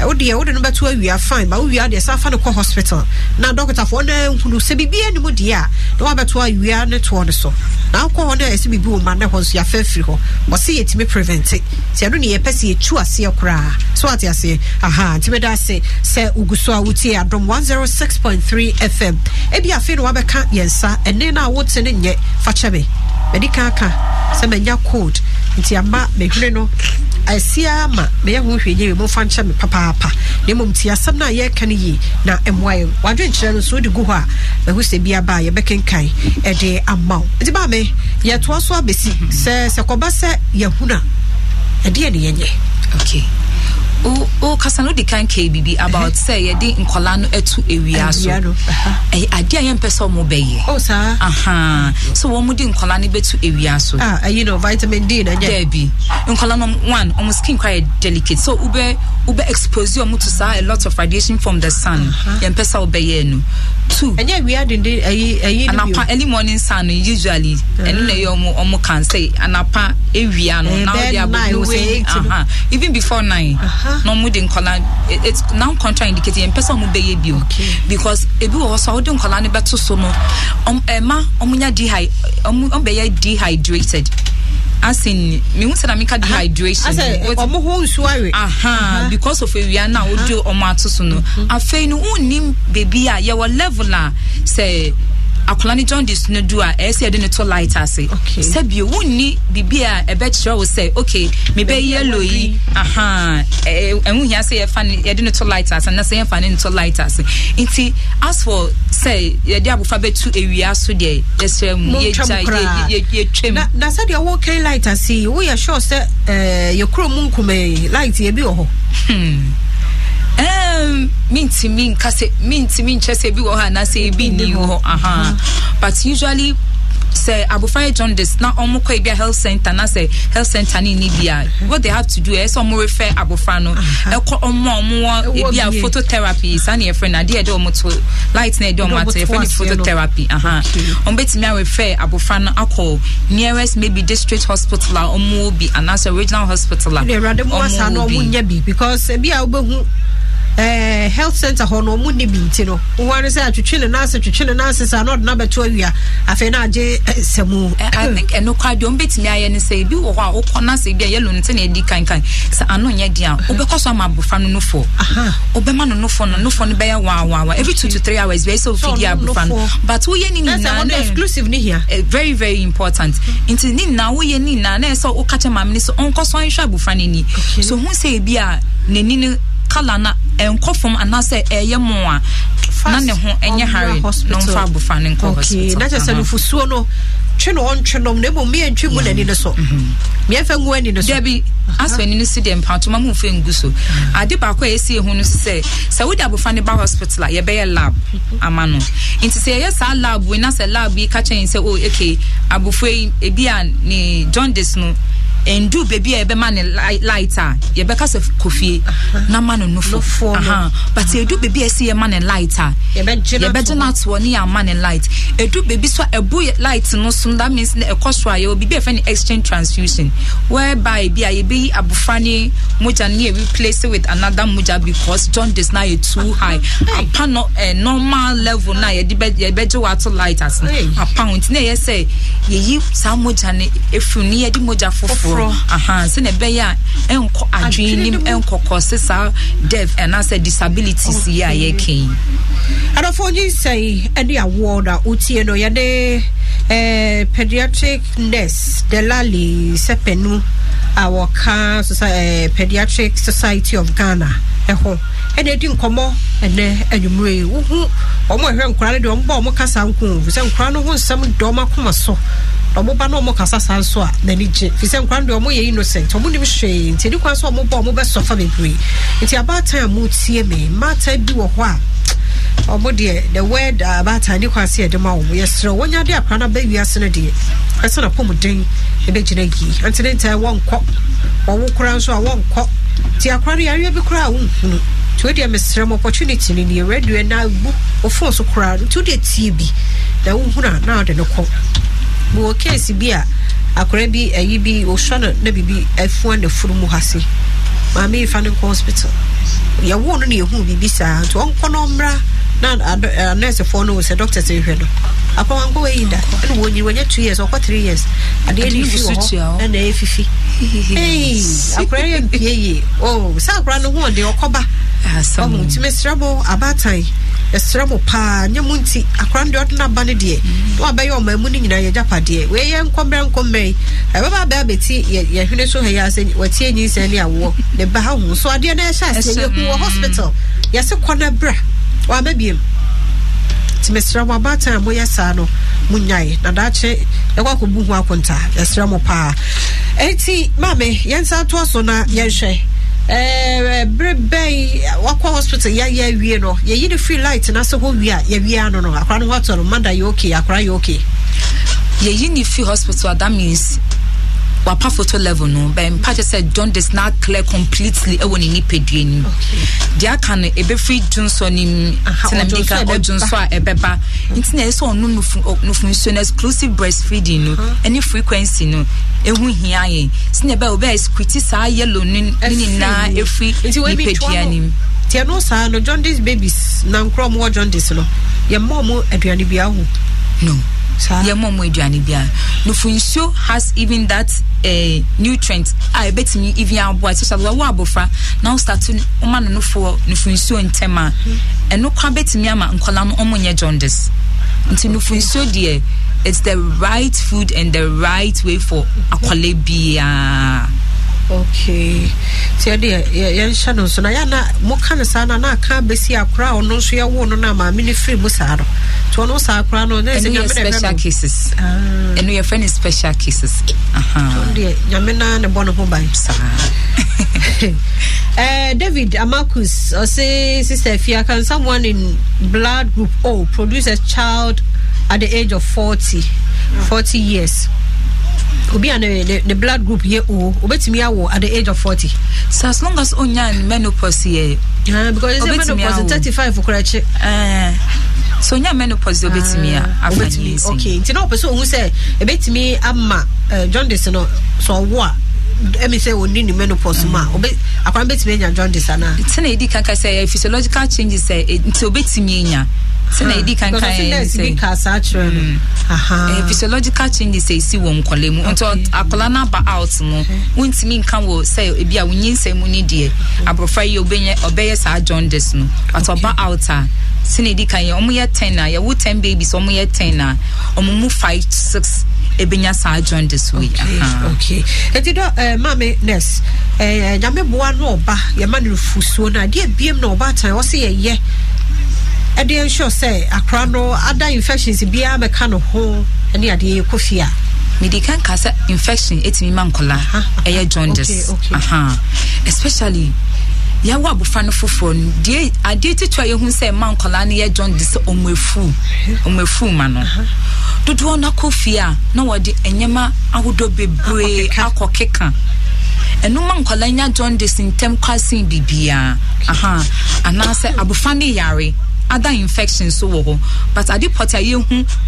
wodeɛ wode no bɛto awia fine ba wowia deɛ sa fa no kɔ hospital na dɔktafoɔ no nhunu sɛ biribia ne mu deɛ a na woabɛto awia ne toɔ no so na wokɔ hɔ no ɛsɛ biribi wɔ ma ne hɔ nso yɛafa afiri hɔ wɔse yɛtumi prevente nti ɛno ne yɛpɛ sɛ yɛtu aseɛ koraa so wate aseɛ aha nti mɛda ase sɛ wogu so a wotie adom 106.3 fm ebi afei na woabɛka yɛnsa ɛne no a wote ne nyɛ fakyɛ me madi ka ka sɛ manya cold nti ama mehwene no ɛsia ma meyɛ ho hwɛnyɛ momfa nkyɛ me papaapa na mmom nti asɛm no a yɛreka no yi na ɛmmoa yɛ nkyerɛ no so wode gu hɔ a mahu sɛ bi aba a yɛbɛkenkan ɛde ama wo nti baa me yɛtoa so abɛsi sɛ sɛ kɔba sɛ yɛhunu a ɛdeɛ ne yɛnyɛ wokasa no wodi kan kaa biribi about sɛ yɛde nkɔla no atu awia so ɛyɛ adeɛ a yɛmpɛ sɛ ɔmo bɛyɛ oh, aha so wɔn ah, mo de nkɔla no bɛtu awia so ayi no vitamin d na nyɛ dɛbi nkɔla no one ɔmo skin kora yɛ delicate so wobɛ wobɛ expose ɔmo to saa a lot of radiation from the sun yɛmpɛ sɛ ɔbɛyɛ no two ɛnyɛ awia dende ayi ayi no anapa early morning sun no usually ɛno na ɛyɛ ɔmo ɔmo kan sɛ anapa awia no eh, na ɔde abɔ no wei even before nine. Uh -huh na ɔmo de nkɔla it's e, e, now contra indicate yɛn mpɛ ɔmo bɛyɛ bio because ebi wɔ hɔ so ɔmo de nkɔla no bɛto so no ɔmo ɛma ɔmo nya dehy ɔmo ɔmo bɛyɛ dehydrated asin mihu sɛ na meka dehydration ɔmo ho nsu awe aha because of awia na a wode ɔmo ato so no mhm. afei no wonnim baabi a yɛwɔ level a sɛ akwadaa ne jaundice no do a ɛyɛ yɛde ne to light ase sɛbio wunni biribi a ɛbɛkyerɛ wo sɛ okay mebe yellow yi ahan ɛhu hia sɛ yɛfa ne yɛde ne to light ase na yɛfa ne to light ase nti as for sɛ yɛde abɔfra bɛtu ewia so deɛ yɛsrɛ mu yɛgya yɛtwam na na sɛdeɛ wɔɔkɛn light ase yi woyɛ sure sɛ ɛɛ yɛkuro mu nkume light yɛ bi wɔ hɔ. Hmm mintimi nka sɛ mintimi nkyɛ sɛ ebi wɔ hɔ anaasɛ ebi nni wɔ hɔ but usually sɛ abofra yɛ jaundice na wɔn kɔ ebi a health center na sɛ health center ne ni bi what they have to do ɛsɛ wɔn refer abofra no ɛkɔ wɔn a wɔn wɔ ebi a phototherapy saa na yɛfrɛ e no adeɛ yɛde wɔn to light na yɛde wɔn ato yɛfrɛ e no phototherapy wɔn bɛtumi arefɛ abofra no akɔ nearest maybe district hospital a wɔn wɔ bi anaasɛ regional hospital a wɔn wɔ bi. ɛwɛ ɛwɛ ɛwɛ ɛwɔ saa na wɔn nyɛ bi because ebi a wɔbɛhu. Eh, health center hɔ no ɔmu ni bi nti no wɔn ano sɛ atwitwi ne nan ase twitwi ne nan na ɔde na abɛto awia afei na agye eh, sɛmu. Eh, mm. i think ebi wɔ na sɛ ebi a yɛlo ne ti na edi kankan sɛ ano nyɛ di a so ama abofra no obɛma no no no bɛyɛ every two to three hours bɛyɛ sɛ ofi di abofra no but woyɛ so sɛ ebi a n'ani no kala na ɛnkɔ fam anaasɛ ɛyɛ mo a na ne ho ɛnyɛ hare na ɔmfa abofra no nkɔ hospital na kyɛ sɛ nufosuo no twe no ɔntwe nom na mmom meɛntwe mu n'ani no so mhm. Mhm. meɛmfa ngu ani no so dabi asɔ ani no si deɛ mpatoma momfa ngu so mhm. ade baako a ɛsie ho no sɛ sɛ wode abofra no ba hospital a yɛbɛyɛ lab ama no nti sɛ yɛyɛ saa lab wei na sɛ lab yi ka sɛ o oh, okay abofra yi ebi a ne jaundice no ndu beebi a yɛbɛma ne light a yɛbɛka sɛ kofie na ma no nofo but edu beebi a yɛsi yɛma ne light a yɛbɛgye no atoɔ ne yɛama ne light edu beebi so a ɛbu light no so that means ne ɛkɔ so a yɛwɔ biribi a yɛfɛ ne exchange transfusion whereby bi a yɛbɛyi abofra ne mogya ne yɛ with another mogya because jaundice na yɛ too uh-huh. high apa no normal level na yɛde bɛ yɛbɛgye wato light ase apa ho nti na yɛ sɛ yɛyi saa mogya ne efiri ne yɛde mogya foforɔ. foforɔ aha sɛ na ɛbɛyɛ a ɛnkɔ adwenim ɛnkɔkɔ se saa dev ɛnaasɛ disabilities yi a yɛka yi adɔfoɔ nye sɛe ne awoɔ no a wotie no yɛde eh, pediatric nurse delali sɛpɛnu a wɔka soci eh, pediatric society of ghana ɛho ɛna ɛdi nkɔmmɔ ɛnɛ anwummere yi wohu ɔmo ɛhwɛ nkora no deɛ ɔmbɔ ɔmo kasa nko sɛ nkora no ho nsɛm dɔm akoma so ɔmo ba na ɔmo kasa saa nso a n'ani gye fisɛ nkwan deɛ ɔmo yɛ innocent ɔmo nim hwee nti edi kwan so ɔmo bɔ ɔmo bɛ sɔfa bebree nti abaatan a mo tie mi mmaatan bi wɔ hɔ a ɔmo deɛ the word abaatan ni kwan se yɛ de ma ɔmo yɛsrɛ wɔnya de akora na bɛwi ase no deɛ ɛsɛ na pɔm den ebɛgyina yie nti ne ntaa wɔnkɔ wɔwo kora nso a wɔnkɔ nti akora no yɛareɛ bi kora a wɔnhunu nti wodeɛ mesrɛ m opportunity ni ni radio na agu ɔfon so koraa nti wodeɛ tie bi na wohunu a na ɔde no kɔ mewɔ case bi a akwaraa bi ayi bi wɔhwɛ no na biribi afua ne furu mu ha se maame yifa no nkɔ hospital yɛwo no na yɛhu biribi saa nti ɔnkɔ no mmra na eh, nursefoɔ no sɛ doctor sɛ hwɛ no akɔwankɔ wayi da ɛne wɔnyini wɔnyɛ two years ɔkɔ three years adeɛ ne fi wɔ hɔ ɛna ɛyɛ fifi akora yɛ mpie yie oh, sɛ akora no ho ɔde ɔkɔba ɔho nti mesrɛ abatan ɛsrɛ mo paa nyɛ mu nti akora no deɛ ɔde no aba no deɛ na wabɛyɛ ɔma mu no nyinaa yɛgya padeɛ wɔyɛ nkɔmmerɛ nkɔmmerɛ ɛbɛba bɛa bɛti yɛhwene so hɛyɛ sɛ wɔtie nyinsɛn ne awoɔ ne ba ha so adeɛ no ɛhyɛ aseɛ yɛhu wɔ mm. hospital yɛse kɔ no bra wama biam nti mesrɛ mo abaatan a moyɛ saa no monyae na daakye yɛkɔ akɔbu ho akonta yɛsrɛ mo paa ɛnti maame yɛnsa toa so na yɛnhwɛ Eh, eh, bere bɛyi wakɔ hospital yɛayɛ awie no yɛyi ne free light na sɛ hɔ wie a yɛwie ano no akora no hɔ atɔ no mada yɛ okay akora yɛ okay yɛyi ne free hospital that means wapa photo level no bɛn mpa kyɛ sɛ jaundice na clear completely ɛwɔ ne nipadua nim deɛ aka no ebɛfiri junso nim tena mi ka ɔ junso a ɛbɛba nti na ɛsɛ ɔno nufu nsuo no exclusive breastfeeding no ɛne frequency no ehu hia yɛn sinɛ bɛɛ obɛ esquiti saa yellow ne nyinaa efiri nipadua nim tiɛ no saa no jaundice babies na nkorɔ mu wɔ jaundice no yɛ mmaa mu aduane bi ahu no. yɛmɔ mu aduane bia nufunsuo has even that uh, eh, nutrient a ah, ebetumi even aboa ɛsɛ sɛ wɔwɔ abofra na ɔstart ɔma nonofoɔ nufunsuo ntɛm a ɛno kɔ abetumi ama nkɔla no ɔmo nyɛ jaundice nti nufunsuo deɛ it's the right food and the right way for akɔla biara okay nti ɛde yɛnhyɛ no nso na yɛna moka no saa no na aka bɛsi akora a ɔno nso yɛwo no no maame no firi mu saa no nti ɔno saa akora no ɛno yɛfrɛ no special cases deɛ nyame na ne bɔ ne ho ban eh, David Amakus, or say Sister Fia, can someone in blood group O oh, produce a child at the age of forty, ah. forty years? obi a the blood group yɛ o obetumi awo at the age of forty. so as long as onya menopause yɛ. Uh, because ɛsɛ menopause thirty five kura kye. Eh, so onya menopause obetumi a ah, afa ne yɛ okay nti na ɔpɛ sɛ ohun sɛ ebetumi ama eh, jaundice no sɔ ɔwɔ a. ɛmi sɛ wɔni ne menopause mu a akwan bɛtumi anya jaundice anaa. ti na edi kankan sɛ eh, physiological changes sɛ nti obetumi anya sɛna ɛdi ah. kankan mm. eh, physiological changes sɛ ɛsi wɔ nkɔla mu nti akɔla no aba out no mm-hmm. wontumi nka wɔ sɛ ebi a wonyinsɛm mu no deɛ aborɔfa yi ɔbɛyɛ saa jaundice no but ɔba out a sɛna ɛdi kan yɛ ɔmo yɛ ten a yɛwo ten babies ɔmo yɛ ten a ɔmo mu five six ebenya saa john this way. okay eti dɔ ɛɛ eh, maame nurse ɛɛ eh, nyame boa no ɔba yɛ ma no fusuo na adeɛ biem na ɔba atan ɔsi yɛ yɛ ɛde ensure sɛ akora no ada infections biara bɛka no ho ɛne adeɛ yɛkɔ fie a mede ka nka sɛ infection ɛtumi ma nkɔla ɛyɛ jaundice aha especially yɛwɔ abofra no foforɔ no deɛ adeɛ titwa yɛhu sɛ ma nkɔla no yɛ jaundice ɔmo efu ɔmo efu ma no dodoɔ no fie a na wɔde nneɛma ahodoɔ bebree akɔ keka ɛno ma nkɔla nya jaundice ntɛm kwasen bibiara aha anaasɛ abofra no yare other infections so wɔ hɔ but ade pɔt a yɛhu uh,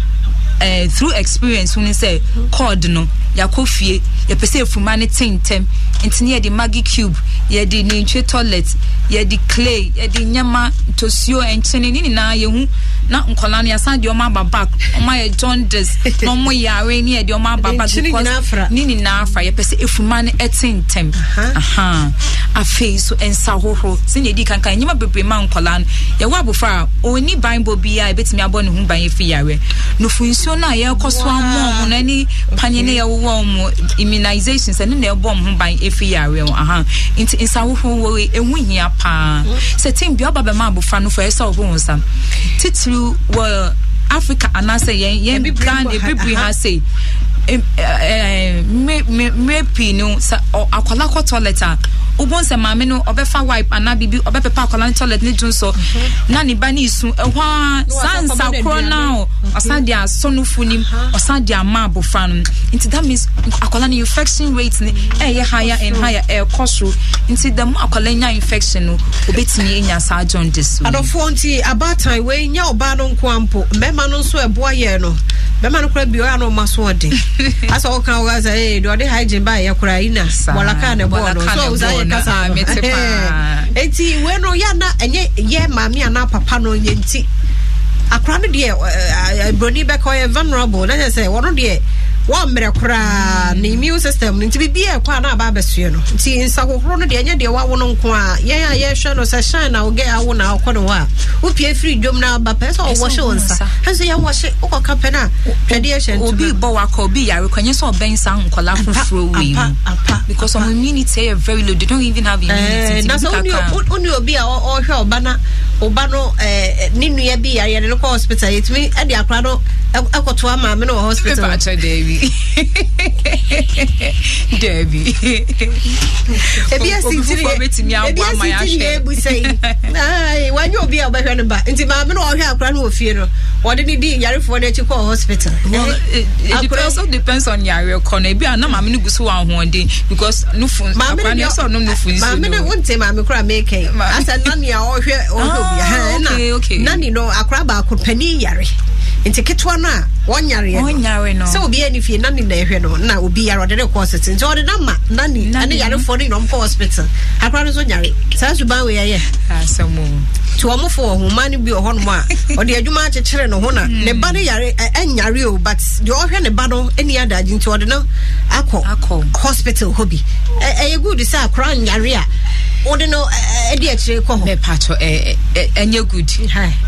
eh, through experience ho ne sɛ cord no yɛakɔ fie yɛpɛ sɛ ɛfuma no tentɛm nti ne yɛde maggi cube yɛde nantwie toilet yɛde clay yɛde nyama ntosuo nkyene ne nyinaa yɛhu na nkɔla no yɛsan deɛ ɔmo aba back ɔmo ayɛ jaundice na ɔmo yare ne yɛde ɔmo aba back because ne nyinaa afra yɛpɛ sɛ efuma no ɛte ntɛm afei so nsa hohoro sɛnea yɛdi kankan nyɛma bebree ma nkɔla no yɛwɔ abofra a ɔni ban bɔ biara ebetumi abɔ ne ho ban efi yare nufu nsuo no a yɛrekɔ so amu ɔmo no ɛne panyin ne yɛwowɔ ɔmo immunization sɛ ne na ɛbɔ ɔmo ho ban ɛfiri yareɛ ho aha nti nsahohoro wɔ yi ɛho hia paa sɛ tim bia ɔba bɛma abofra no fo ɛsɛ ɔbo ho sa titiriw africa anaasɛ yɛn yɛn brand ebibiri ha se. mmepi eh, eh, no sɛ akwala kɔ toilet a wobɔ sɛ maame no ɔbɛfa wipe anaa biribi ɔbɛpepa akwala no toilet ne dun so mhm. na ne ba ne isu ɛhɔ a saa nsa korɔ no a mhm. ɔsan de asɔ no fu nim ɔsan de ama abɔfra no nti that means akwala no infection rate ne ɛyɛ higher and higher ɛɛkɔ so nti dɛm akwala nya infection no obɛtumi anya saa jaundice adɔfoɔ nti abaatan wei nya ɔbaa no nko ampo mmarima no nso ɛboa yɛ no no bi ɔyɛ a ɔma so ɔden asa wo kan wa sɛ ee de hygiene ba yɛ kora yi na bɔlaka ne bɔɔ no so o sa kasa no eti wei no yɛ ana ɛnyɛ yɛ maame ana papa no yɛ nti akora no deɛ eh, eh, eh, broni bɛka ɔyɛ vulnerable na yɛ sɛ wɔn no deɛ. wɔn mmerɛ koraa ne immune system no nti biribi a ɛkɔ a na aba abɛsoɛ no nti nsa hohoro no deɛ ɛnyɛ deɛ wawo no nko a yɛn a yɛhwɛ no sɛ hyɛn na ogɛ awo na ɔkɔ ne hɔ a wopie firi dwom na aba pɛ sɛ ɔwɔhye wo nsa ɛnso yɛwɔhye wokɔka pɛ no a twɛdeɛ hyɛ ntoma obi bɔ wakɔ obi yare kɔ ɛnyɛ sɛ ɔbɛn sa nkɔla foforɔ wei mu because ɔmo immunity yɛ very low they don't even have immunity eh, na sɛ wone obi a ɔhwɛ ɔba na ɔba no ɛɛ ne nua bi yare ne eh, no kɔ hospital yɛtumi ɛde akora no ɛkɔto ama maame no wɔ hospital. pepa atwa deebi deebi. ebi esi ntiri yɛ ebi esi ntiri yɛ ebu sɛyi ayi wanyɛ obi a ɔbɛhwɛ no ba nti maame no ɔhwɛ akora no wɔ fie no wɔde ne di yarefoɔ no akyi kɔ hospital. well it, it depends on yari kɔ na ebi a na maame no gu so wɔ because nufu akora no yɛ sɛ ɔnom nufu nsu no. maame no n tɛ maame kora mɛ kɛ asa nani a ɔhwɛ ɔhwɛ. obi ah, na nani no akora baako pani yare nti ketewa no a wɔnyareɛ no sɛ obiaa ne fie na ne na ɛhwɛ no na obiara ɔde ne kɔ hospital nti ɔde na ma nani ne yarefoɔ ne nyinɔmkɔ hospital akora no so nyare saa suban wei ɛyɛ nti ɔmofo wɔ ho ma no bi wɔ hɔ nom a ɔde adwuma akyekyere ne ho na hmm. ne ba no yare ɛnyare o but deɛ ɔhwɛ ne ba no ani adagye nti ɔde no akɔ hospital hɔ bi ɛyɛ good sɛ akora nyare a wode no ɛde akyire kɔ hɔ ɛnyɛ good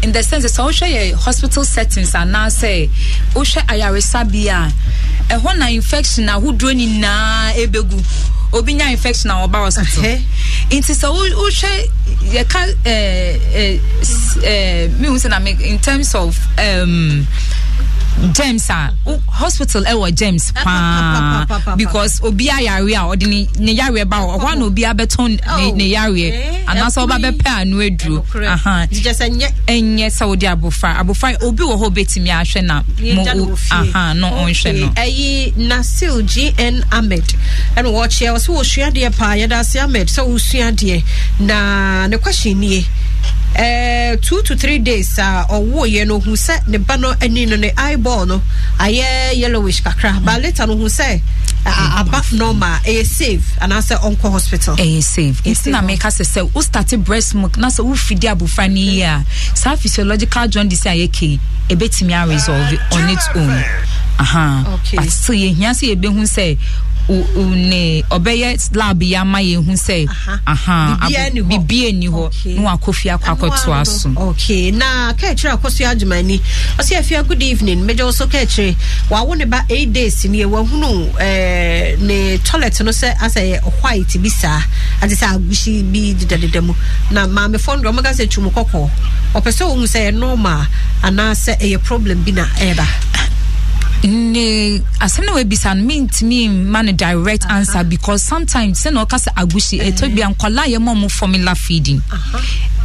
in the sense sɛ wohwɛ yɛ hospital settings a anaasɛ wohwɛ ayaresabea a ɛhɔ na infection ahodoɔ nyinaa ɛbɛgu obi nya infection a ɔba hospital nti sɛ wohwɛ yɛka mehu sɛ na in terms of um, germs a hospital ɛwɔ germs paa because obi ayare a ɔde ne ne yare ba wɔ ɔhɔ na obi abɛtɔn ne oh, ne yare eh, anaasɛ ɔba bɛpɛ ano aduro ɛnyɛ sɛ wɔde abofra abofra obi wɔ hɔ betumi ahwɛ na mo o no ɔnhwɛ no. ɛyi nasil gn ahmed ɛna wɔkyɛ ɔsɛ wɔsua deɛ paa yɛda ase ahmed sɛ wɔsua deɛ na ne question nie. Eh, two to three days a ɔwoeɛ no hu sɛ ne ba no ani no ne eyeball no ayɛ yellowish kakra but mm. later no hu sɛ aba normal ɛyɛ safe anaasɛ ɔnkɔ hospital ɛyɛ safe nti na meka sɛ sɛ wo starte breast milk na sɛ wofidi abofra no yie a saa physiological jaundice a ebe yi a resolve on its own aha but still yɛhia sɛ yɛbɛhu sɛ ne ɔbɛyɛ slab yi ama yɛn ho sɛ bibia ni hɔ na wakɔ fie akɔ akɔtoa so na kɛkyerɛ akɔ so adwumani ɔsɛ afia good evening mɛgya wo so kɛkyerɛ wawo ne ba eight days nie wahunu eh, ne toilet no sɛ asɛ yɛ white bi saa ate sɛ agusyi bi dedadeda mu na maamefo no deɛ ɔmaka sɛ twum kɔkɔɔ ɔpɛ sɛ ɔhu sɛ ɛyɛ normal anaasɛ ɛyɛ problem bi na ɛba ne asɛm na wabisa no mentumi ma no direct uh -huh. answer because sometimes sɛ na ɔka sɛ aguhye ɛtɔ mm. e, bia nkɔla yɛ ma ɔmo formula feeding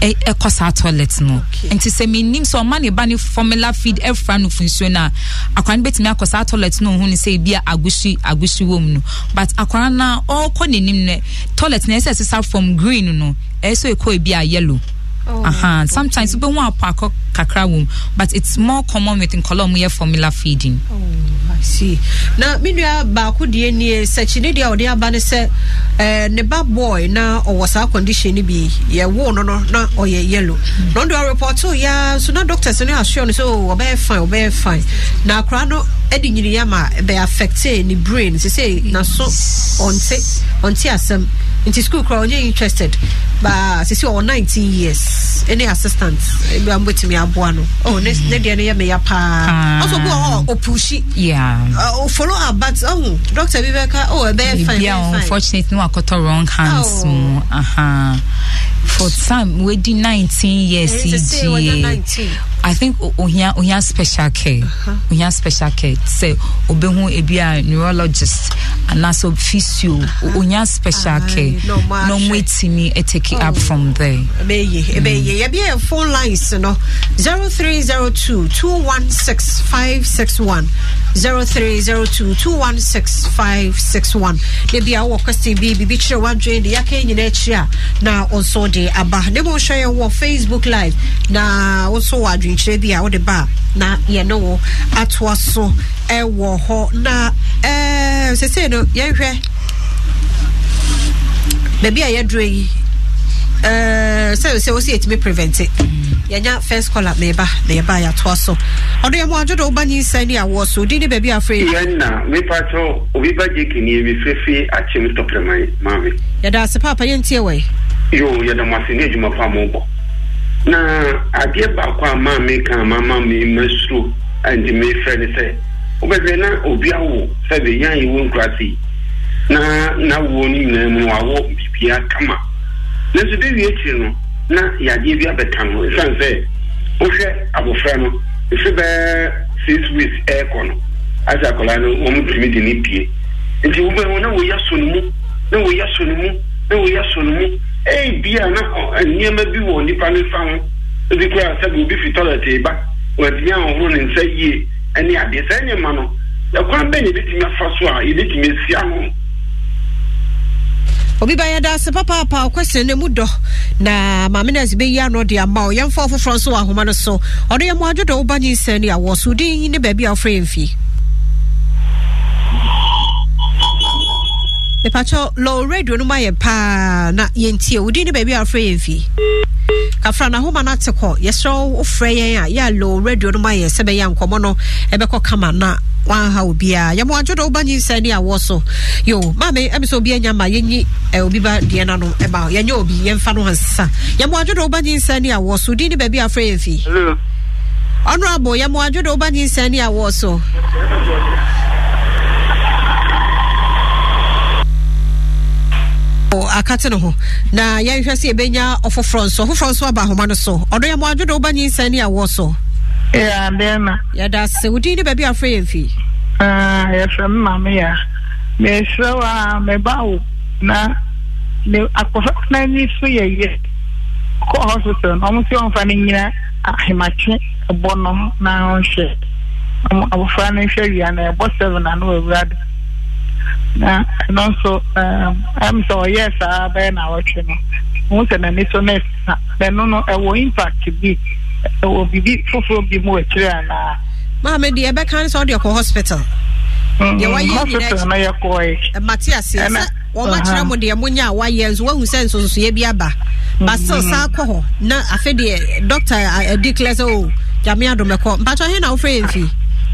e, ɛkɔ e, saa toilet no okay. nti sɛ menim sɛ ɔma ne ba ne formula feed ɛfra no funsuo no a akwara no bɛtumi akɔ saa toilet no ɔhu ne sɛ ebia aguhye aguhye wɔ mu no but akwara no a ɔrekɔ n'anim no toilet no ɛsɛ ɛsesa from green no ɛsɛ ɛkɔ ebi a yellow uh-huh. Sometimes people want to kakra womb, but it's more common with Nkolomuye formula feeding. Oh, I see. Na minua baako deɛ nie sɛkyine deɛ ɔde aba ne sɛ ɛɛ eh, ne ba boy na ɔwɔ saa condition ni bi yɛ wo no no na ɔyɛ yellow. Hmm. Na ɔde ɔrepɔt o ya so na doctors no asure no so ɔbɛyɛ fine ɔbɛyɛ fine. Na akora no ɛde e nyiri yam a ɛbɛyɛ e affect ne brain sɛ sɛ na so ɔnte ɔnte asɛm. nti school koraa ɔnyɛ interested baa sisi ɔwɔ 19 years ne assistant ebi a mbɛtumi aboa no oh ne ne deɛ no yɛ mɛya paa ɔsɔ bi wɔ hɔ opushi yeah uh, oh, follow up but oh, doctor bi bɛ oh ɛbɛyɛ fine ɛbɛyɛ fine bia unfortunately no akɔtɔ wrong hands oh. mu oh. aha. Uh-huh. for time we did 19 years CGA. I think ohia ohia special care. Uh-huh. Ohia special care. Say obehu ebi a neurologist and also physio. Uh-huh. Ohia special uh-huh. care. No, no wait me I take it oh. up from there. Ebeye, ebeye deɛ yɛbɛyɛ phone lines no 0302 216 561 0302 question bi biribi kyerɛ woadwene de yɛaka nyina akyi a na wo de aba ne bɛhwɛ yɛ wɔ facebook live na wo nso wɔ adwenkyerɛ bi a wode ba a na yɛne wo atoa so ɛwɔ hɔ na sesei no yɛnhwɛ baabi a yɛdurɛ yi sɛ sɛ wɔsi yɛtumi prevent mm. yɛnya first caller na yɛba yɛatoa so ɔno ne awoɔ so ne baabi mepa obi ba gye kenie akyem tɔprɛma yɛda ase paapa yɛntie yo yɛda mo ase ne adwuma pa mobɔ na adeɛ a maame ka ma ma anti mefrɛ ne sɛ na obi awo sɛ bɛnya yɛwɔ na na no nyinaa mu kama nanso bɛ wie akyiri no na yadeɛ bi abɛka no ɛsiane sɛ wohwɛ abɔfra no ɛfi bɛɛ six weeks ɛrekɔ no asɛ akwadaa no wɔn tumi de ne pie nti wobɛhu na wɔyi aso no mu na wɔyi aso no mu na wɔyi aso no mu ɛyɛ bia na nneɛma bi wɔ nipa no fa ho ebi kura sɛbi obi fi toilet eba wɔatumi ahohoro ne nsa yie ɛne adeɛ saa nneɛma no ɛkwan bɛn yɛbɛtumi afa so a yɛbɛtumi esi ano obi ba yɛda ase papaapa kwasɛn no mu dɔ na maame nurse bɛyi ano de ama o yɛmfa nso wɔ ahoma no so ɔno yɛ mo adwodɔ woba nyinsɛn no yɛawɔ so wodin ne baabi a wofrɛ yɛ mfie mepakyɛ lɔw radio no mu ayɛ paa na yɛntie wodin ne baabi a wofrɛ yɛ mfie kafra na homa no ate kɔ yɛsrɛ wofrɛ yɛn a yɛ a radio no mu ayɛ sɛ bɛyɛ nkɔmmɔ no ɛbɛkɔ kama na wanha obiaa yɛmo adwo dɔ woba awɔ so yo maame ɛmi obi anya ma yɛnyi eh, obi ba deɛ no ya ɛma yɛnyɛ obi yɛmfa no ansa yɛmo adwo dɔ woba awɔ so din ne baabi afrɛ yɛ awɔ so oh, akate no ho na yɛnhwɛ sɛ yɛbɛnya ɔfoforɔ nso ɔfoforɔ nso aba ahoma no so awɔ so Yeah, bema. Yeah, that's uh, do you be a free fee? Ah, yes, mammy. Me so ah, uh, me bow. Na, me na ni free ye. Ko hospital, almost your fanning ya, ahimachi, a bono, na on shit. I'm a and a boss seven and we glad. Na, and also, um, I'm so yes, I've na watching. Once and then it's honest, then no, no, a impact to be. wɔ biribi foforɔ bi mu akyire anaa maame deɛ ɛbɛka ne sɛ wode ɛkɔ hospital mm-hmm. deɛ wayɛ nyinaa mate aseɛ sɛ wɔmakyerɛ mo deɛ monyɛ a wayɛ nso woahu sɛ nsonsoeɛ bi aba ba sel mm-hmm. saa kɔ hɔ na afe deɛ doctor adi clear sɛ o oh, gyame adomɛkɔ mpatɔ he na wofrɛ yɛ